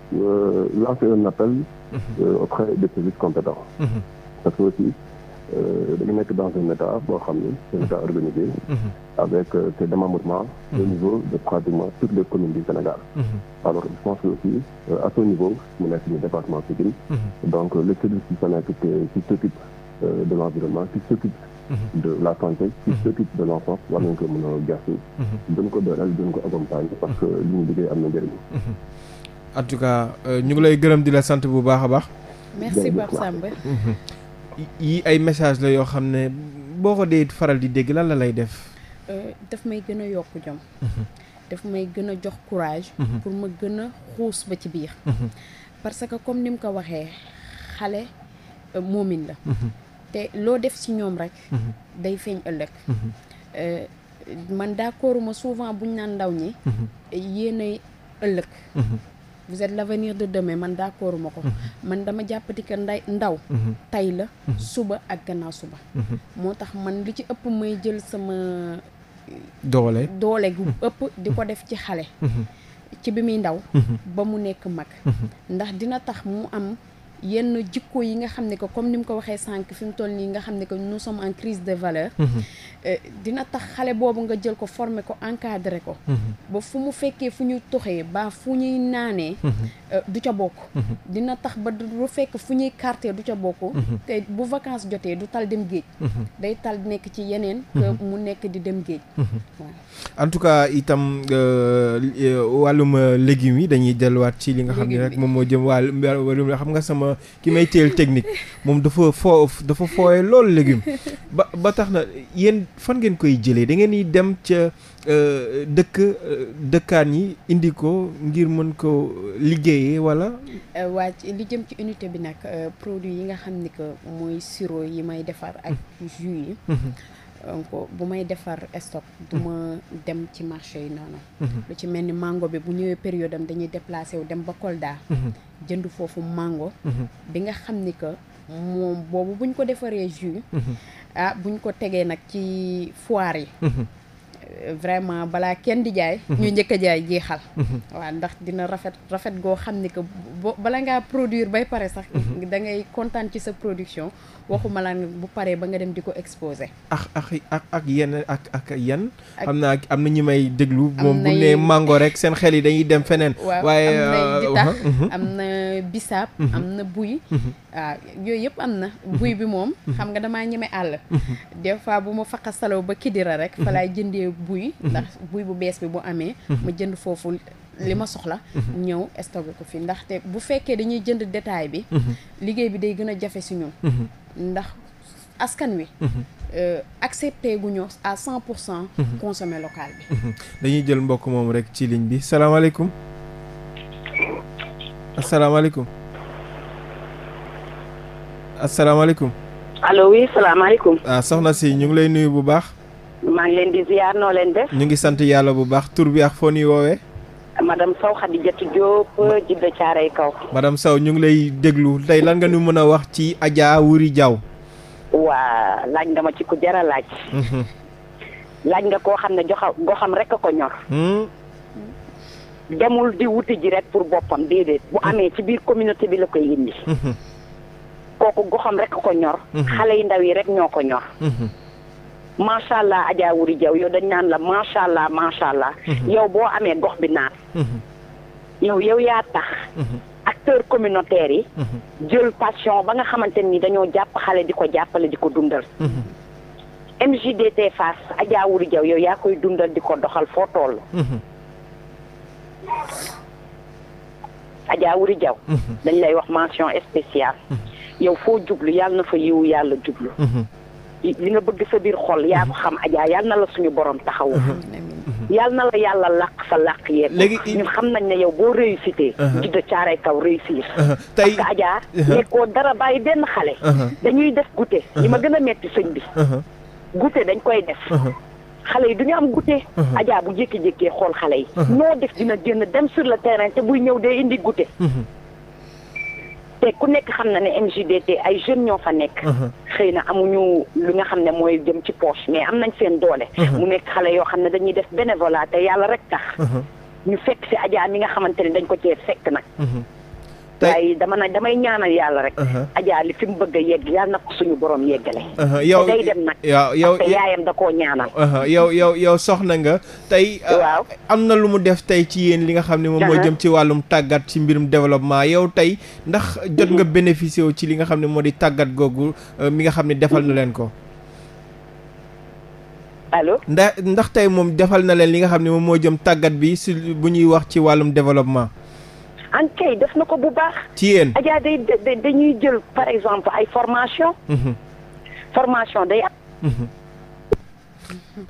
euh, lancer un appel mhm. euh, auprès des services compétents mhm. parce que aussi euh, dañu nekk dans un état boo xam ni c'est un état mhm. organisé avec euh, ces démembrements au niveau de pratiquement toutes les communes du Sénégal alors je pense que aussi à niveau mu nekk ñu département Pikine donc les services qui s'en occupent qui de l'environnement qui s'occupent de la santé qui s'occupe de l'enfance war nañ ko mën a gerte ko dooleel gën ko accompagner parce que li ñu liggéey am na njëriñ en tout cas euh, ñu ngi lay gërëm di la sant bu baax a baax. merci Pape Samba. Mhm. yii ay message la yoo xam ne boo ko dee faral di dégg lan la lay def. Euh, daf may gën a yokk jom. Mhm. daf may gën a jox courage. Mhm. pour ma gën a xuus ba ci biir. parce que comme ni mu ko waxee xale euh, moomin la. te loo def ci ñoom rek. day feeñ ëllëg. man d'accorduma souvent ñu naan ndaw ñi. yéenay ëllëg. vous êtes l'avenir de demain man d'accord ma ko mhm. man dama jàppati que ndaw mhm. tey la mhm. suba ak gannaaw suba moo tax man li ci ëpp may jël sama euh, doole doole gu ëpp di ko def ci xale ci bi muy ndaw ba mu nekk mag ndax dina tax mu am yenn jikko yi nga xam ne ko comme ni mu ko waxee sànq fi mu toll nii nga xam ne ko nous sommes en crise de valeur mm-hmm. euh, dina tax xale boobu nga jël ko former ko encadrer ko mm-hmm. ba fu mu fekkee fu ñu toxee ba fu ñuy naanee mm-hmm. du ca bokk mhm. dina tax ba du fekk fu ñuy quartier du ca bokk mhm. te bu vacances jotee du tal dem géej mhm. day tal nekk ci yeneen mu nekk di dem géej en tout cas itam euh, euh, wàllum euh, légumes yi dañuy delluwaat ci li nga xam ne rek moom moo jëm wàll wàllum xam nga sama ki may teel technique moom dafa foo dafa fooye loolu légume ba ba tax na yéen fan ngeen koy jëlee da ngeen di dem ca Euh, dëkk euh, dëkkaan yi indi ko ngir mën ko liggéeye wala. Euh, waa li jëm ci unité bi nag produit yi nga xam ni que mooy sirop yi may defar ak jus yi. Mm-hmm. Mm-hmm. donc bu may defar stock du ma dem ci marché yi noonu mm-hmm. lu ci mel ni mango bi bu ñëwee période am dañuy déplacé wu dem ba Kolda jënd foofu mango bi nga xam ni que moom boobu buñ ko defaree jus ah buñ ko tegee nag ci foire yi vraiment balaa kenn di jaay mhm. ñu njëkk a jaay jeexal mhm. waaw ndax dina rafet rafet goo xam ni que boo bala ngaa produire bay pare sax mhm. da ngay kontaan ci sa production waxuma la bu paree ba nga dem di ko exposé. ak ak ak yenn ak ak yan. am naa am na ñu may déglu. moom bu nee mango rek seen xel yi dañuy dem feneen. waaye am euh, mhm. na am na bisaab. Mhm. am na buy. waaw mhm. ah, yooyu yëpp am na. buy bi moom. xam nga damaa ñeme àll. des fois bu ma faqa saloo ba kidira rek. fa laay jëndee buy. ndax buy bu bees bi bu amee. ma jënd foofu. li ma soxla ñëw stocké ko fi ndaxte bu fekkee dañuy jënd détail bi liggéey bi day gën a jafe si ñun ndax askan wi. Mhm. Euh, accepté gu ñu à cent pour mhm. bi. Mhm. dañuy jël mbokk moom rek ci ligne bi salaamaaleykum. asalaamaaleykum. asalaamaaleykum. allo oui salaamaaleykum. Ah, soxna si ñu ngi lay nuyu bu baax. maa ngi leen di ziar noo leen def. ñu ngi sant yàlla bu baax tur bi ak foo ñuy woowee. madame Sow Khady Diaty Diop Djidda Thiaray Kaw. madame Sow ñu ngi lay déglu tey lan nga nu mën a wax ci Adja Wuri Diaw. waa laaj nga ma ci ku jar laaj. Mhm. laaj nga koo xam ne joxa goxam rek a ko ñor. Hmm? demul di wuti ji rek pour boppam déedéet bu amee ci biir communauté bi la koy indi. Mhm. kooku goxam rek ko ñor. Mhm. xale yu ndaw yi rek ñoo ko ñor. macha allah Adja Wuri Jaw yow dañ naan la macha allah macha allah. Mhm. yow boo amee gox bi naan. Mhm. yow yow yaa tax. Mhm. acteur communautaires yi. jël passion ba nga xamante nii dañoo jàpp xale di ko jàppale di ko dundal. MJDT fas Adja Wuri Jaw yow yaa koy dundal di ko doxal foo toll. Adja Wuri Jaw dañ lay wax mention spéciale. yow foo jublu yàlla na fa yiwu yàlla jublu. li nga bëgg sa biir xol yaa ko xam Adja yal na la suñu borom taxawu. yal na la yàlla làq sa làq yeeg. léegi ñun xam nañ ne yow boo réussité. judd caaray kaw réussir. tey parce que Adja. dara bàyyi benn xale. dañuy def goûter. li ma gën a metti sëñ bi. goûter dañ koy def. xale yi du ñu am goûter. Adja bu jékki-jékkee xool xale yi. noo def dina génn dem sur le terrain te buy ñëw dee indi gute te ku nekk xam na ne MJDT ay jeunes ñoo fa nekk. Mhm. xëy na amuñu lu nga xam ne mooy jëm ci poche mais am nañ seen doole. Mhm. mu nekk xale yoo xam ne dañuy def bénévolat te yàlla rek tax. Mhm. ñu fekk si Adja mi nga xamante ne dañ ko cee fekk nag. waaye dama na damay ñaanal yàlla rek uh-huh. Adja li fi bëgg a yegg yàlla na ko suñu borom yeggale uh-huh. yow day dem uh-huh. yow yow yow soxna nga tey uh, waaw am na lu mu def tey ci yéen li nga xam ne moom moo jëm ci wàllum tàggat ci mbirum développement yow tey ndax jot nga bénéficié wu ci li nga xam ne moo di tàggat googu uh, mi nga xam ne defal na leen ko allo ndax ndax tey moom defal na leen li nga xam ne moom moo jëm tàggat bi si bu ñuy wax ci wàllum développement ankay def na ko bu baax. ci yéen Adja day dañuy jël par exemple ay formation. Mhm. formation day am. Mhm.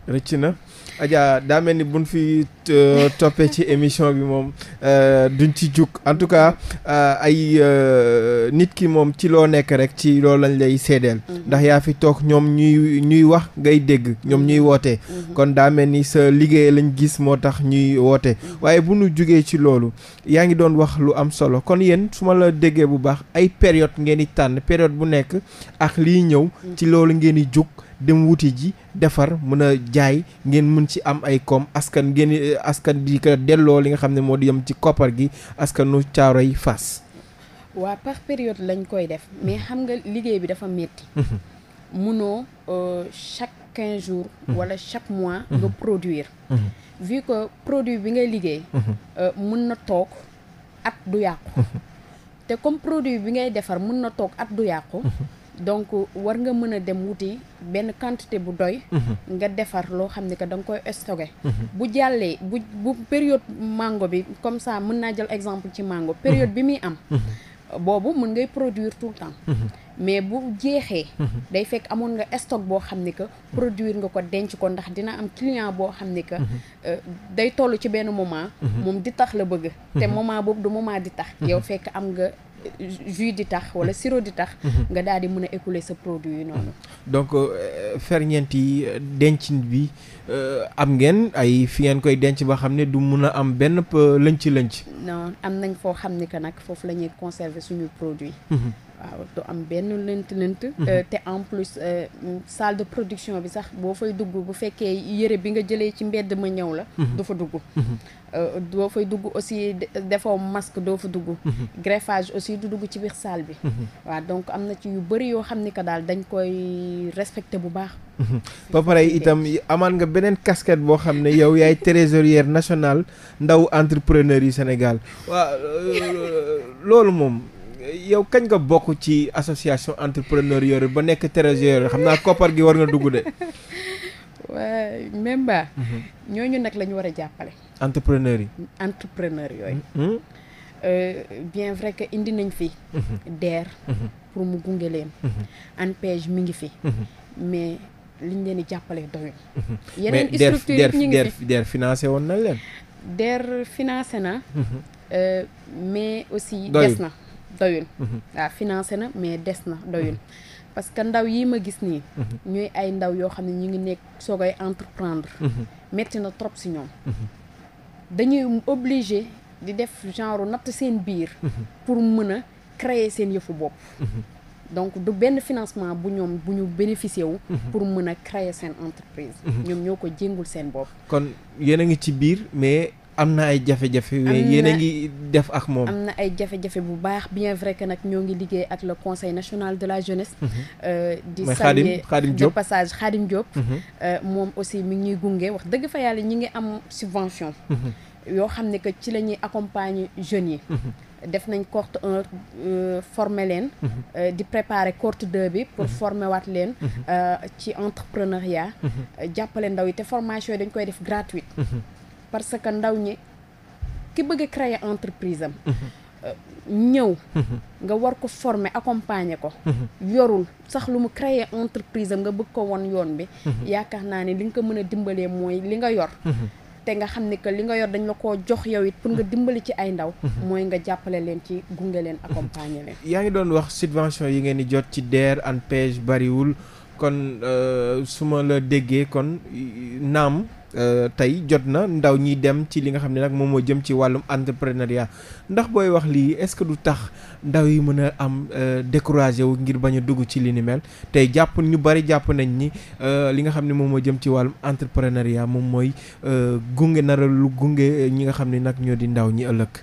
rëcc na. Adja daa mel ni buñ fi toppee ci émission bi moom euh, duñ ci jug en tout cas euh, ay euh, nit ki moom ci loo nekk rek ci loolu lañ lay seedeel mm-hmm. ndax yaa fi toog ñoom ñuy ñuy wax ngay dégg ñoom ñuy wootee mm-hmm. kon daa mel ni sa liggéey lañ gis moo tax ñuy woote mm-hmm. waaye bu ñu jugee ci loolu yaa ngi doon wax lu am solo kon yéen su ma la déggee bu baax ay période ngeen di tànn période bu nekk ak liy ñëw ci loolu ngeen di jug dem wuti ji defar mën a jaay ngeen mën ci am ay koom askan ngeen askan di ko delloo li nga xam ne moo di yem ci koppar gi askanu caaroy fas waa par période lañ koy def mais xam nga liggéey bi dafa metti mhm. munoo euh, chaque quinze jours mhm. wala chaque mois nga mhm. produire vu que produit bi ngay liggéey euh, mun na toog at du yàqu te comme produit bi ngay defar mun na toog at du yàqu donc war nga mën a dem wuti benn quantité bu doy. Mhm. nga defar loo xam ne que da nga koy stocké. Mhm. bu jàllee bu bu période mango bi comme ça mën naa jël exemple ci mango. période mhm. bi muy am. boobu mën ngay produire tout temps. mais bu jeexee. day fekk amoon nga stock boo xam ne que produire nga ko denc ko ndax dina am client boo xam ne que. Euh, day toll ci benn moment. moom di tax la bëgg. te moment boobu du moment di tax. yow fekk am nga. jus di tax wala sirop di tax. Mhm. nga daal di mën a écouler sa produit yi noonu. donc euh, ferñeent yi euh, dencin bi euh, am ngeen ay fi ngeen koy denc ba xam ne du mun a am benn lënc-lënc. non am nañ foo xam ni que nag foofu la ñuy conserver suñu produit. Mhm. waaw du am benn lënt-lënt. Mhm. Euh, te en plus euh, salle de production bi sax boo fay dugg bu fekkee yëre bi nga jëlee ci mbedd ma ñëw la. Mhm. du fa dugg. Mhm. Euh, doo fay dugg aussi defoo masque doo fa dugg. greffage aussi du dugg ci biir sale bi. waa donc am na ci yu bëri yoo xam ni que daal dañ koy respecté bu baax. ba pare itam amaan nga beneen casquette boo xam ne yow yaay trésorière nationale ndaw entrepreneur yi Sénégal waaw loolu moom. yow kañ nga bokk ci association entrepreneur yore ba nekk trésorier xam naa koppar gi war na dugg de. waaye même ba. ñooñu nag la ñu war a jàppale. entrepreneur yi. entrepreneur yooyu. Mhm. Euh, bien vrai que indi nañ fi. Mhm. DER. Mhm. pour mu gunge leen. ANPEJ mi ngi fi. mais liñ leen di jàppale doyul. yeneen structure yi ñu ngi fi mais DER financé woon na leen. DER financé na. Euh, mais aussi des na. doyul waaw mhm. ah, financé na mais des na doyul mhm. parce que ndaw yi ma gis nii mhm. ñooy ay ndaw yoo xam ne ñu ngi nekk soogay entreprendre metti na trop si ñoom dañuy obligé di def genre natt seen biir pour mën a créer seen yëfu bopp donc du benn financement bu ñoom bu ñu bénéficier wu pour mën a créer seen entreprise ñoom ñoo ko jéngul seen bopp kon yéen ngi ci biir mais am na ay jafe-jafe. am a ngi def ak moom. am na ay jafe-jafe bu baax bien vrai que nag ñoo ngi liggéey ak le conseil national de la jeunesse. Mhm. Euh, di saluer de passage Khadim Diop. Mhm. Euh, moom aussi mi ngi ñuy gunge wax dëgg fa yàlla ñi ngi am subvention. Mhm. yoo xam ne que ci la ñuy accompagner jeunes yi. def nañ cohorte un euh, former leen. di préparer cohorte deux bi pour former waat leen. ci entrepreneuriat. jàppale ndaw yi te formation yi dañ koy def gratuite. parce que ndaw ñi ki bëgg a créer entreprise am. Mhm. Euh, ñëw. Mhm. nga war ko former accompagner ko. Mhm. yorul sax lu mu créer entreprise am nga bëgg ko won yoon bi. yaakaar naa ne li nga ko mën a dimbalee mooy li nga yor. te nga xam ne que li nga yor dañ la ko jox yow it pour nga dimbali ci ay ndaw. mooy nga jàppale leen ci gunge leen accompagner leen. yaa ngi doon wax subvention yi ngeen di jot ci DER ANPEJ bariwul kon euh, su ma la déggee kon naam. Euh, tey jot na ndaw ñi dem ci li nga xam ne nag moom moo jëm ci wàllum entrepreneuriat ndax booy wax lii est-ce que du tax ndaw yi mën a am euh, découragé wu ngir bañ a dugg ci li ni mel tey jàpp ñu bari jàpp nañ ni euh, li nga xam ne moom moo jëm ci wàllum entrepreneuriat moom mooy gunge nara lu gunge ñi nga xam ne nag ñoo di ndaw ñi ëllëg.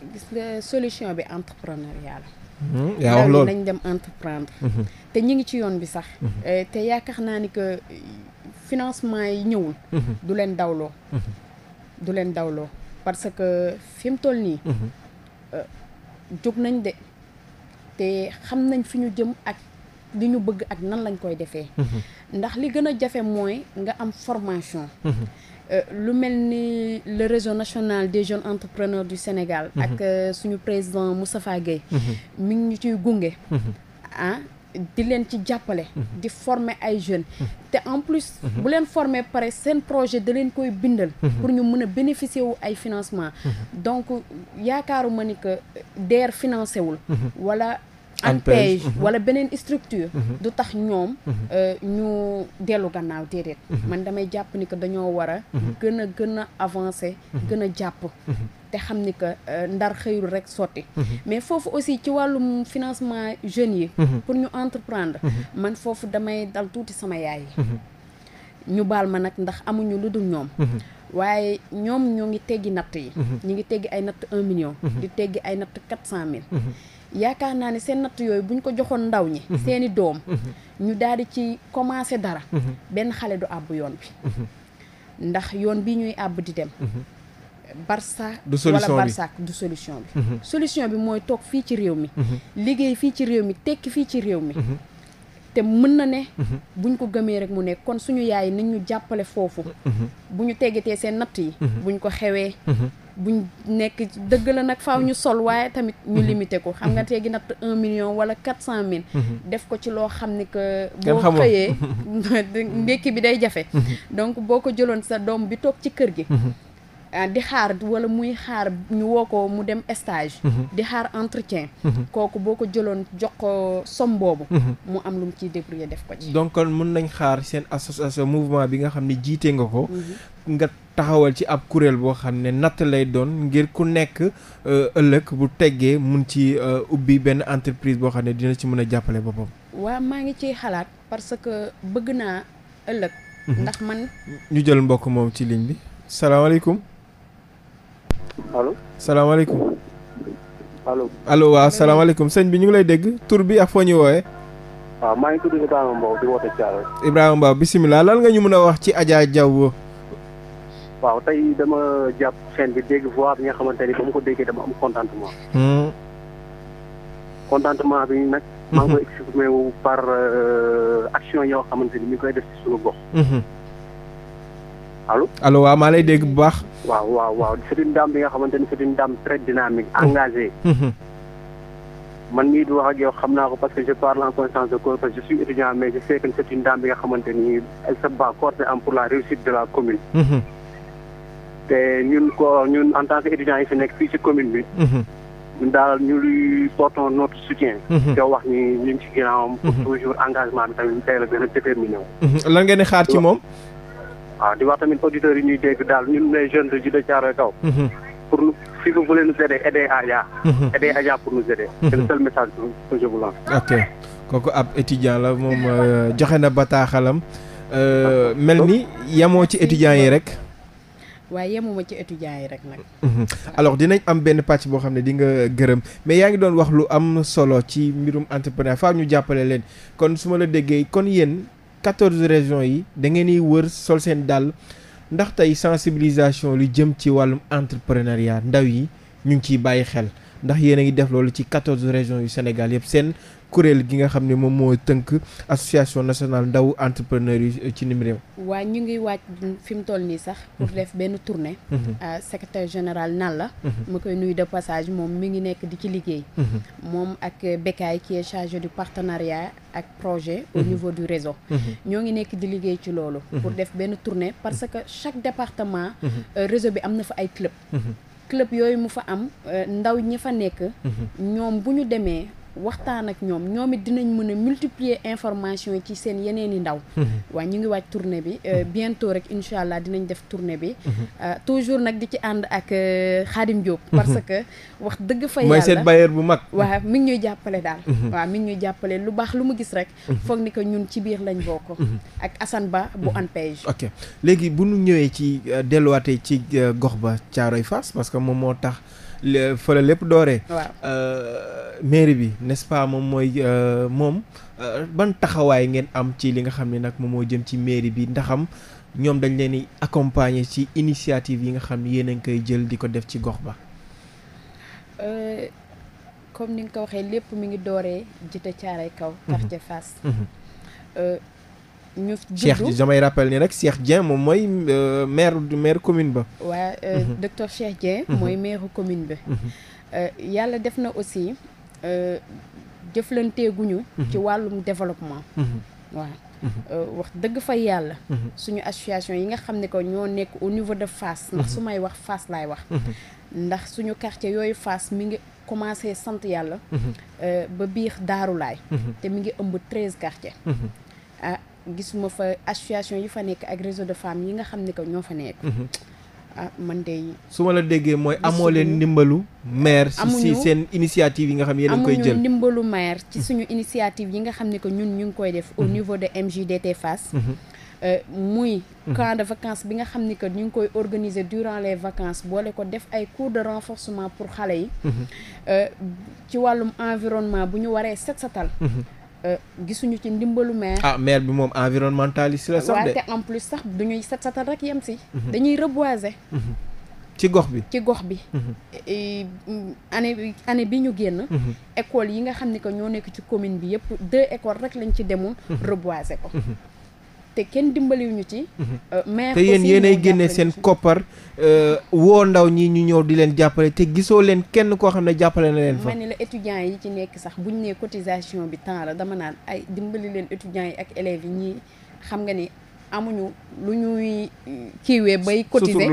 solution bi entrepreneuriat la. Hmm, yaa wax loolu nañ dem entreprendre. Mhm. te ñi ngi ci yoon bi sax. Mhm. Eh, te yaakaar naa ni que. financement yi ñëwul mhm. du leen dawloo mhm. du leen dawloo parce que fi toll nii mhm. euh, jóg nañ de te xam nañ fi ñu jëm ak li ñu bëgg ak nan lañ koy defee ndax li gën a jafe mooy nga am formation euh, lu mel ni le réseau national des jeunes entrepreneurs du Sénégal ak euh, suñu président Moustapha Gueye mi ngi ñu ciy gunge ah di leen ci jàppale. Mhm. di former ay jeunes. Mhm. te en plus. Mhm. bu leen former pare seen projet da leen koy bindal. pour ñu mën a bénéficier wu ay financement donc yaakaaruma ni que DER financé wul. wala ANPEJ wala beneen structure. du tax ñoom. Euh, ñu dellu gannaaw déedéet. man damay jàpp ni que dañoo war a. gën a gën a avancé gën a jàpp. te xam ni que euh, ndar xëyul rek sotti mhm. mais foofu aussi ci wàllu financement jeunes yi mhm. pour ñu entreprendre mhm. man foofu damay dal tuuti sama yaay yi ñu baal ma nag ndax amuñu lu dul ñoom waaye ñoom ñoo ngi teggi natt yi ñu ngi teggi ay natt un million di teggi ay natt quatre cent mille yaakaar naa ne seen natt yooyu buñ ko joxoon ndaw ñi seeni doom ñu daal di ci commencé dara benn xale du àbb yoon bi ndax yoon bi ñuy àbb di dem Barça du solution wala Barça du solution bi mhm. solution bi mooy toog fii ci réew mi mhm. liggéey fii ci réew mi tekki fii ci réew mi mhm. te mën na ne buñ ko gëmee rek mu nekk kon suñu yaay nañ ñu jàppale foofu bu ñu teggetee seen natt yi buñ ko xewee buñ nekk dëgg la nag faw ñu sol waaye tamit ñu limité ko xam nga teegi natt un million wala quatre cent mille def ko ci loo xam ne que boo xëyee ndékki bi day jafe donc boo ko jëloon sa doom bi toog ci kër gi Euh, di xaar wala muy xaar ñu woo ko mu dem stage. Mhm. di xaar entretien. Mhm. kooku boo ko jëloon jox ko somme boobu. Mhm. mu am lu mu ciy débrouiller def ko ci. donc kon mën nañ xaar seen association mouvement bi nga xam ne jiite nga ko. nga taxawal ci ab kuréel boo xam ne natt lay doon ngir ku nekk euh, ëllëg bu teggee mun ci euh, ubbi benn entreprise boo xam ne dina ci mën a jàppale boppam. waa maa ngi ciy xalaat parce que bëgg naa ëllëg. ndax man. ñu jël mbokk moom ci ligne bi salaamaaleykum. allo. salaamaaleykum. allo. allo waaw salaamaaleykum sëñ bi ñu ngi lay dégg tur bi ak foo ñu woowee. waaw ah, maa ngi tudd Ibrahima Mbow di woote Thiaroye. Ibrahima Mbow bisimilah lan nga ñu mën a wax ci Adja Diaw. waaw tey dama jàpp chaîne bi dégg voix bi nga xamante ni ba mu ko déggee dama am contentement. Hmm. contentement bi nag. maa ngi koy hmm. exprimé par euh, action yoo xamante ni mi koy def ci suñu gox. Hmm. allo allo waaw maa lay dégg bu baax. waaw waaw waaw c'est une dame bi nga xamante ni c'est une dame très dynamique mm-hmm. man mii di wax a yow xam naa ko parce que je parle en conscience de cause parce que je suis étudiant mais je sais que c'est une bi nga xamante ni elle se bat corps pour la réussite de la commune. Mm-hmm. te ñun ko ñun en tant que étudiant yi si nekk fii ci commune bi. Mm-hmm. ñun daal ñu luy portons notre soutien. te wax ni ñu ci ginnaawam. pour toujours a déterminé. waaw di wax tamit auditeur yi ñuy dégg daal ñun les jeunes de Djidah Thiaroye Kao. Mhm. pour nous si vous voulez nous aider aider Adja. Mhm. aider Adja pour nous aider. Mhm. c'est le seul message que je kooku ab étudiant la moom euh, joxe na bataaxalam. Euh, mel ni yemoo ci étudiants yi rek. waaye yemuma ci étudiants yi rek nag. alors dinañ am benn pàcc boo xam ne di nga gërëm mais yaa ngi doon wax lu am solo ci mbirum entrepreneur faa ñu jàppale leen kon su ma la déggee kon yéen. quatorze régions yi da ngeen di wër sol seen dàll ndax tey sensibilisation lu jëm ci wàllum entrepreneuriat ndaw yi ñu ngi ciy bàyyi xel ndax yéen a ngi def loolu ci quatorze régions yu Sénégal yëpp seen kuréel gi nga xam ne moom moo tënk association nationale ndaw entrepreneur yi euh, ci nim réew waa ñu ngi waaj fi mu toll nii sax pour mhm. def benn tournée mhm. euh, secretaire général nan la mhm. ma koy nuyu de passage moom mi ngi nekk di ci liggéey moom ak euh, Bekaay qui est chargé du partenariat ak projet au niveau du réseau ñoo ngi nekk di liggéey ci loolu pour def benn tournée parce que chaque département réseau bi am na fa ay club club yooyu mu fa am ndaw ñi fa nekk ñoom bu waxtaan ak ñoom ñoom it dinañ mën a multiplier information yi ci seen yeneen i ndaw. Mhm. waaw ñu ngi waaj tournée bi euh, mhm. bientôt rek incha allah dinañ def tournée bi. Mhm. Euh, toujours nag di ci ànd ak euh, Khadim Diop. parce que wax dëgg fa yàlla mooy seen bailleur bu mag. waaw mi ngi ñuy jàppale daal. waaw mi ngi ñuy jàppale lu baax lu mu gis rek. foog ni que ñun ci biir lañ bokk. ak Assane Ba bu ANPEJ. ok léegi bu ñu ñëwee ci delluwaatee ci gox ba Caaroy fas parce que moom moo tax fële lépp dooree. mairie bi nest pas moom mooy euh, moom euh, ban taxawaay ngeen am ci li nga xam ne nag moom moo jëm ci mairie bi ndaxam ñoom dañ leen di accompagner ci initiative yi nga xam ne yéen a koy jël di ko def ci gox ba. Euh, comme ni nga ko waxee lépp mi ngi dooree jite caaray kaw. quartier mhm. Fass. Mhm. ñu Cheikh damay rappel ni rek Cheikh Dieng moom mooy maire maire commune ba. waa mhm. docteur Cheikh Dieng. mooy maire commune ba. yàlla def na aussi. Euh, jëflanteeguñu ci mhm. wàllum développement waaw mhm. mhm. euh, wax dëgg fa yàlla suñu association yi nga xam ne ko ñoo nekk au niveau de Fass ndax su may wax Fass laay wax ndax suñu quartier yooyu Fass mi ngi commencé sant yàlla euh, ba biir daarulaay te mi ngi ëmb treize quartiers ah gis gisuma fa association yi fa nekk ak réseau de femme yi nga xam ni ko ñoo fa nekk ah man de. su ma la déggee mooy amoo leen ndimbalu maire. amuñu si seen initiative yi nga xam yéen a ngi koy jël ndimbalu maire ci mm-hmm. suñu initiative yi nga xam ni que ñun ñu ngi koy def. au mm-hmm. niveau de MJDT Fass. Mm-hmm. Euh, muy camp de vacances bi nga xam ni que ñu ngi koy organiser durant les vacances boole ko def ay cours de renforcement pour xale yi. Euh, ci wàllum environnement bu ñu waree set setal Euh, gisuñu ci ndimbalu maire. ah maire bi moom environnementaliste la sax de. en plus sax du ñuy set setal rek yem si. Mhm. dañuy reboiser. Mhm. ci gox bi ci gox bi. Mhm. Mm, année année bi ñu génn. école yi nga xam ni que ñoo nekk ci commune bi yëpp deux écoles rek lañ ci demul. reboiser ko. te kenn dimbaliwuñu ci. Mhm. Euh, maire te yéen yéenay génne seen koppar euh, woo ndaw ñi ñu ñëw di leen jàppale te gisoo leen kenn koo xam ne jàppale na leen fa. ma ne la étudiants yi ci nekk sax buñ ne cotisation bi temps la dama naan ay dimbali leen étudiants yi ak élèves yi ñii xam nga ni amuñu lu ñuy kiiwee bay cotiser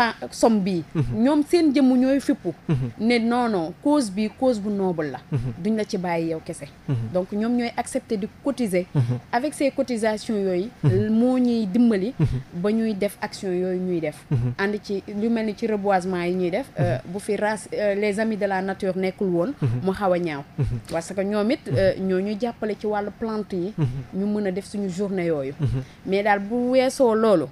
montant ak somme bii mhm. ñoom seen jëmm ñooy fippu mhm. ne non non cause bi cause bu noble la mhm. duñ la ci bàyyi yow kese donc ñoom ñooy accepté di cotiser avec ces cotisations yooyu moo ñuy dimbali ba ñuy def action yooyu ñuy def ànd ci lu mel ni ci reboisement yi ñuy def euh, bu fi race euh, les amis de la nature nekkul woon mu xaw a ñaaw parce que ñoom it euh, ñoo ñu jàppale ci wàllu plante yi ñu mën a def suñu journée yooyu mais daal bu weesoo loolu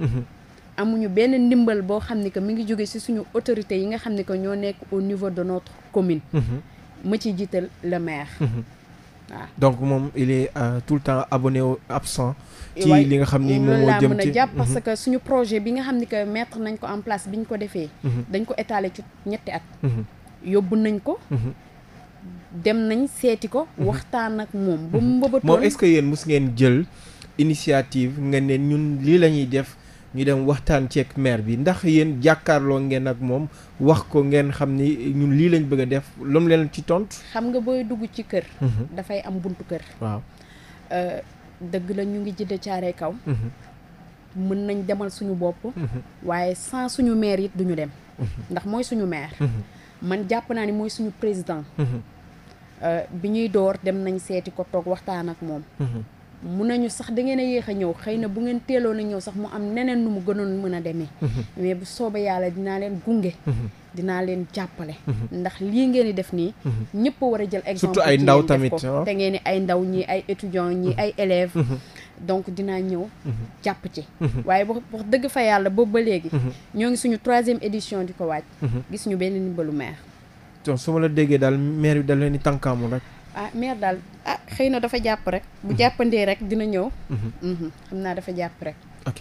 amuñu benn ndimbal boo xam ne que mi ngi jóge ci suñu autorité yi nga xam ne que ñoo nekk au niveau de notre commune mhm. ma ci jiital le maire mhm. waaw donc moom il e tout le temps abonné au absent ci li nga xam ni moom moo jëm mën a jàpp parce mhm. que suñu projet bi nga xam ni que mettre nañ ko en place bi ñu ko defee dañ ko étaler ci ñetti at yóbbu nañ ko dem nañ seeti ko waxtaan ak moom ba mu moom est-ce que yéen mos ngeen jël initiative nga ne ñun lii la ñuy def ñu dem waxtaan ceeg maire bi ndax yéen jàkkaarloo ngeen ak moom wax ko ngeen xam ni ñun lii lañ bëgg a def loom leen ci tontu. xam nga booy dugg ci kër. Mhm. dafay am buntu kër. waaw euh, dëgg la ñu ngi jënd caaree kaw. Mhm. mën nañ demal suñu bopp. Mhm. waaye sans suñu maire it duñu dem. ndax mooy suñu meer man jàpp naa ni mooy suñu président. Euh, bi ñuy door dem nañ seeti ko toog waxtaan ak moom. mun nañu sax da ngeen yéex a ñëw xëy na bu ngeen teeloon na ñëw sax mu am neneen nu mu gënoon mën a demee mm-hmm. mais bu soobee yàlla dinaa leen gunge mm-hmm. dinaa leen jàppale mm-hmm. ndax lii ngeen di def nii ñëpp war a jël exemple surtout ay ndaw tamit ah. te ngeen ni ay ndaw ñii ay étudiants ñi ay élèves donc dinaa ñëw jàpp ci waaye wax wax dëgg fa yàlla boobu ba léegi ñoo ngi suñu troisième édition di ko waaj gis ñu benn ndimbalu maire donc su ma la déggee daal maire bi da leen di tànkaamu rek ah meer daal ah xëy na dafa jàpp rek. bu mhm. jàppandee rek dina ñëw. Mhm. Mhm. xam naa dafa jàpp rek. ok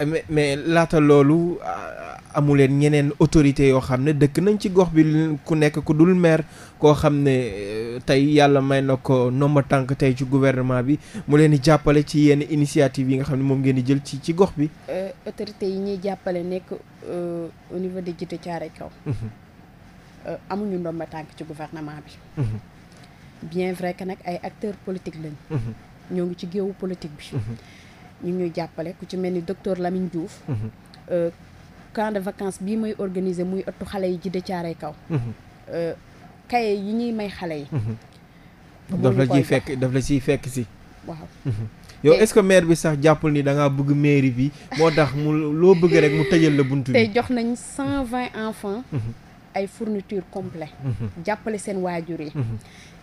eh, mais laata loolu ah, amuleen ñeneen autorité yoo xam ne dëkk nañ ci gox bi ku nekk ku dul maire koo xam ne euh, tey yàlla may na ko nomba tànk tey ci gouvernement bi mu leen di jàppale ci yenn initiative yi nga xam ne moom ngeen di jël ci ci gox bi. Euh, autorité yi ñuy jàppale nekk euh, au niveau de Djité Thiaroye Kaw. amuñu ndomba tànk ci gouvernement bi. bien vrai que nag ay acteur politiques lañ. Mhm. ñoo ngi ci géewu politique bi. Mhm. ñu ñuy jàppale ku ci mel ni docteur Lamine Diouf. Mhm. Euh, camp de bii may organiser muy ëttu xale yi ci Déthiaray kaw. kaye euh, yi ñuy may xale yi. daf la ciy fekk daf la ciy fekk si. waaw. yow est-ce que maire bi sax jàppul ni da ngaa bëgg mairie bi moo tax mu loo bëgg rek mu tëjal la bunt bi. tey jox nañ cent vingt enfants. ay fourniture complète. jàppale seen waajur yi.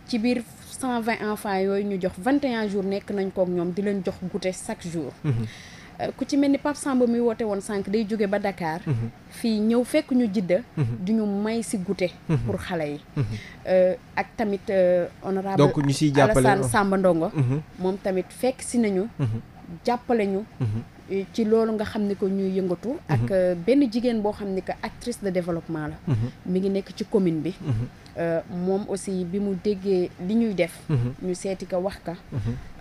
ci biir cent vingt enfants yooyu ñu jox vingt et un jours nekk nañ kook ñoom di leen jox goûter chaque jours mhm. euh, ku ci mel ni Pape Samba mi woote woon sànq day jóge ba dakaar mhm. fii ñëw fekk ñu jidda mhm. di may si goûter pour xale yi euh, ak tamit euh, honorable Alassane Samba Ndongo moom tamit fekk si nañu jàppale ñu. Mhm. ci loolu nga xam ne que ñuy yëngatu. Mhm. ak euh, benn jigéen boo xam ni que actrice de développement la. Mhm. mi ngi nekk ci commune bi. Euh, moom aussi bi mu déggee li ñuy def. ñu seeti ko wax ka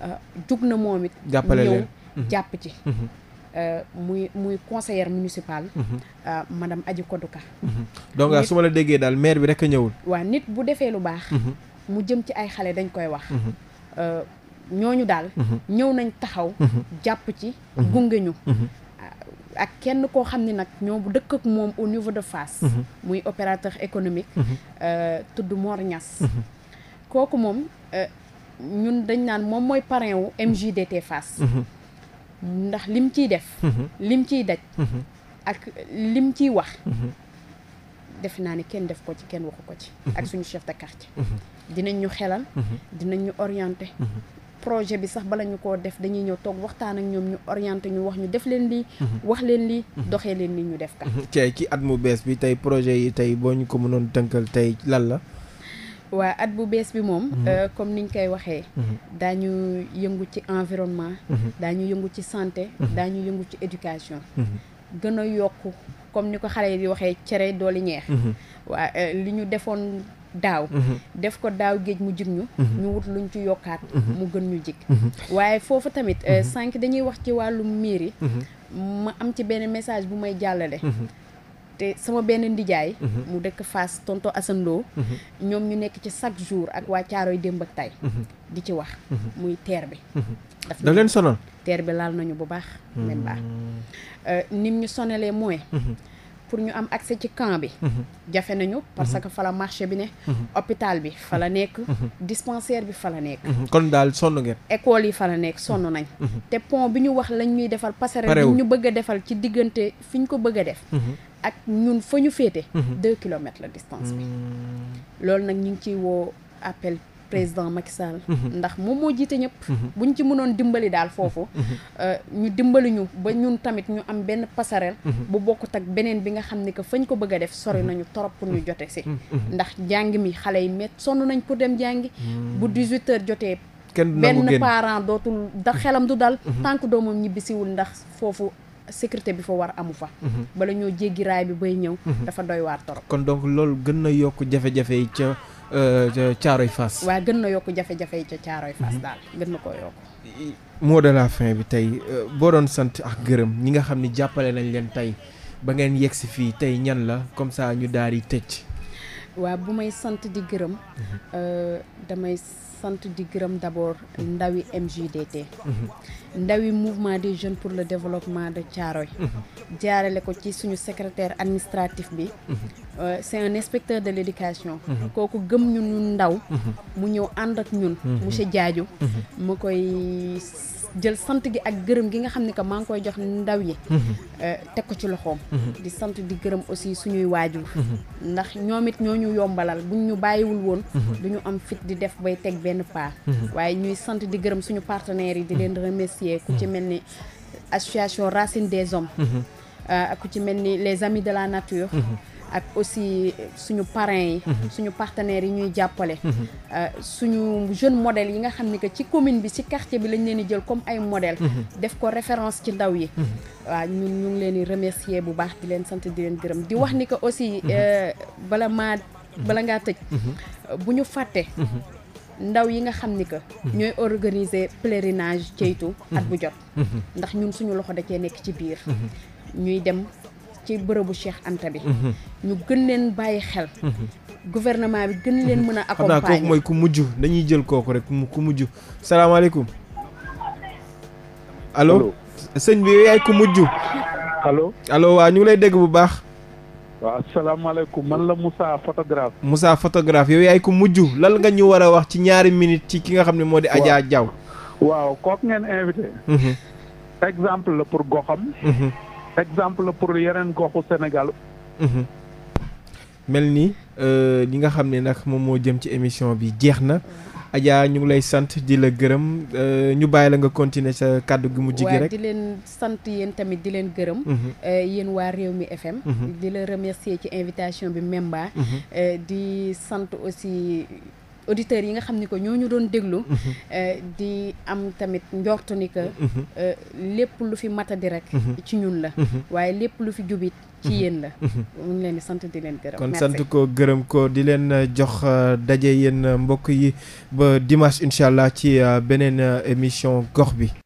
euh, jug na moom it. jàppale leen ñëw jàpp ci. muy muy conseillère municipale. madame Adji Koduka. donc su ma la déggee daal maire bi rek a ñëwul. waa nit bu defee lu baax. mu jëm ci ay xale dañ koy wax. ñooñu daal mhm. ñëw nañ taxaw mhm. jàpp ci mhm. gunge ñu ah, ak kenn koo xam ne nag ñoo dëkk ak moom au niveau de Fass muy opérateur économique euh, tudd Mor Niass kooku moom euh, ñun dañ naan moom mooy parrain wu MJDT Fass ndax lim ciy def lim ciy daj ak lim ciy wax defe naa ni kenn def ko ci kenn waxu ko ci ak suñu chef de quartier dinañ ñu xelal dinañ ñu orienter projet bi sax bala ñu koo def dañuy ñëw toog waxtaan ak ñoom ñu orienté ñu wax ñu def leen lii. Mhm. wax leen lii mhm. doxee leen nii ñu def ka mhm. ci at mu bees bi tey projet yi tey boo ñu ko mënoon tënkal tey lan la. waa at bu bees bi moom. Euh, comme niñ koy waxee. daañu yëngu ci environnement. daañu yëngu ci santé. daañu yëngu ci éducation. gën a yokk comme ni ko xale yi waxee cere dooli ñeex. waa euh, li ñu defoon. daaw mhm. def ko daaw géej mu jig ñu mhm. ñu wut luñ ci yokkaat mhm. mu gën ñu jig waaye foofu tamit euh, sànq dañuy wax ci wàllum miir yi ma am ci benn message bu may jàllale te sama benn ndijaay mu dëkk Fass tonto Assane ñoom ñu nekk ci chaque jour ak waa Caaroy démb ak tay di ci wax muy teer bi daf leen sonal teer bi laal nañu bu baax même euh, ñu sonalee mooy pour ñu am accès ci camp bi mhm. jafe nañu parce mhm. que fala la marché bi ne mhm. hôpital bi fa la nekk dispensaire bi fa la nekk kon daal sonn ngeen école yi fa la nekk sonn nañ te pont bi ñu wax lañ ñuy defal passerelle bi ñu bëgg a defal ci diggante fi ñu ko bëgg a def ak ñun fa ñu féete deux kilomètres la distance bi mm. loolu nag ñu ngi ciy woo appel président Macky Sall. Mhm. Mhm. ndax moom moo jiite ñëpp. Mhm. ñu ci mënoon dimbali daal foofu. Euh, ñu dimbali ñu ba ñun tamit ñu am benn passerelle. bu bokk ak beneen bi nga xam ne que fañ ko bëgg a def sori nañu trop pour ñu jote si. ndax jàng mi xale yi met sonn nañ pour dem jàngi. bu 18h jotee. kenn benn parent dootul da xelam du dal. tànk doomam ñibbisiwul ndax foofu. sécurité bi fa war amu fa bala ñoo jéggi raay bi bay ñëw dafa doywaat waar torop kon donc loolu gën na yokk jafe-jafe yi Euh, Caaroy fas waa gën na yokk jafe-jafe yi ca Caaroy Fass mhm. daal gën na koo yokk. moo de la fin bi tey euh, boo doon sant ak gërëm ñi nga xam ni jàppale nañ leen tey ba ngeen yegg si fii tey ñan la comme ça ñu daal di tëj. waa bu may sant di gërëm mhm. euh, damay sant di gërëm d'abord mhm. ndawi MJDT. ndawi mouvement des jeunes pour le développement de Thiaroye mhm. jaarale ko ci suñu secrétaire administratif bi mhm. euh, c'est un inspecteur de l'éducation mhm. kooku gëm ñu ñun ndaw mu ñëw ànd ak ñun monsieur Diadio ma koy jël sant gi ak gërëm gi nga xam ni que maa ngi koy jox ndaw yi mhm. euh, teg ko ci loxoom mhm. di sant di gërëm aussi suñuy waajur mhm. ndax ñoom it ñoo ñu yombalal bu ñu bàyyiwul woon du ñu am fit di def bay teg benn paa waaye ñuy sant di gërëm suñu partenaires yi di leen remercier ku ci mel ni association Racine des Hommes euh, ku ci mel ni les amis de la nature ak aussi suñu parrains yi. Mhm. suñu partenaires yi ñuy jàppale. Mhm. Euh, suñu jeune modèle yi nga xam ne que ci commune bi ci quartier bi lañ leen di jël comme ay modèle mhm. def ko référence ci ndaw yi. waaw ñun ñu ngi leen di remercier bu baax di leen sant di leen gërëm di wax ni que aussi euh, bala maa bala ngaa tëj. bu ñu fàtte. ndaw yi nga xam ni que. ñooy organiser pèlerinage ceytu at bu jot. ndax ñun suñu loxo da cee nekk ci biir. ñuy dem ci bërëbu Cheikh Anta bi. Mhm. ñu gën leen bàyyi xel. Mhm. gouvernement bi gën leen mën a. Mhm. accompagner mooy ku mujj dañuy jël kooku rek ku mujj salaamaaleykum. allo sëñ bi yaay ku mujj. allo allo waa ñu lay dégg bu baax. waaw asalaamaaleykum man la Moussa photographe. musaa photographe yow yaay ko mujj lal nga ñu war a wax ci ñaari minit ci ki nga xam ne moo di. waaw Adja Diaw. waaw kooku ngeen invité. exemple la pour goxam. exemple la pour yeneen goxu Sénégal. Mhm. mel ni euh, li nga xam ne nag moom moo jëm ci émission bi jeex na. Adja ñu ngi lay sant di la gërëm euh, ñu bàyyi la nga continuer sa kàddu gi mu jigi rek di leen sant yéen tamit di leen gërëm mhm. euh, yéen waa réew mi FM mhm. di la remercier ci invitation bi Memba di sant aussi auditeurs yi nga xam ni ko ñoo ñu doon déglu. Mhm. Euh, di am tamit njortu ni que. Mhm. Euh, lépp lu fi matadi rek. Mhm. ci ñun la. waaye lépp lu fi jubit ci yéen la. ñu leen di sant di leen gërëm. kon sant ko gërëm ko di leen euh, jox daje yéen mbokk yi ba dimanche incha allah ci beneen émission gox bi.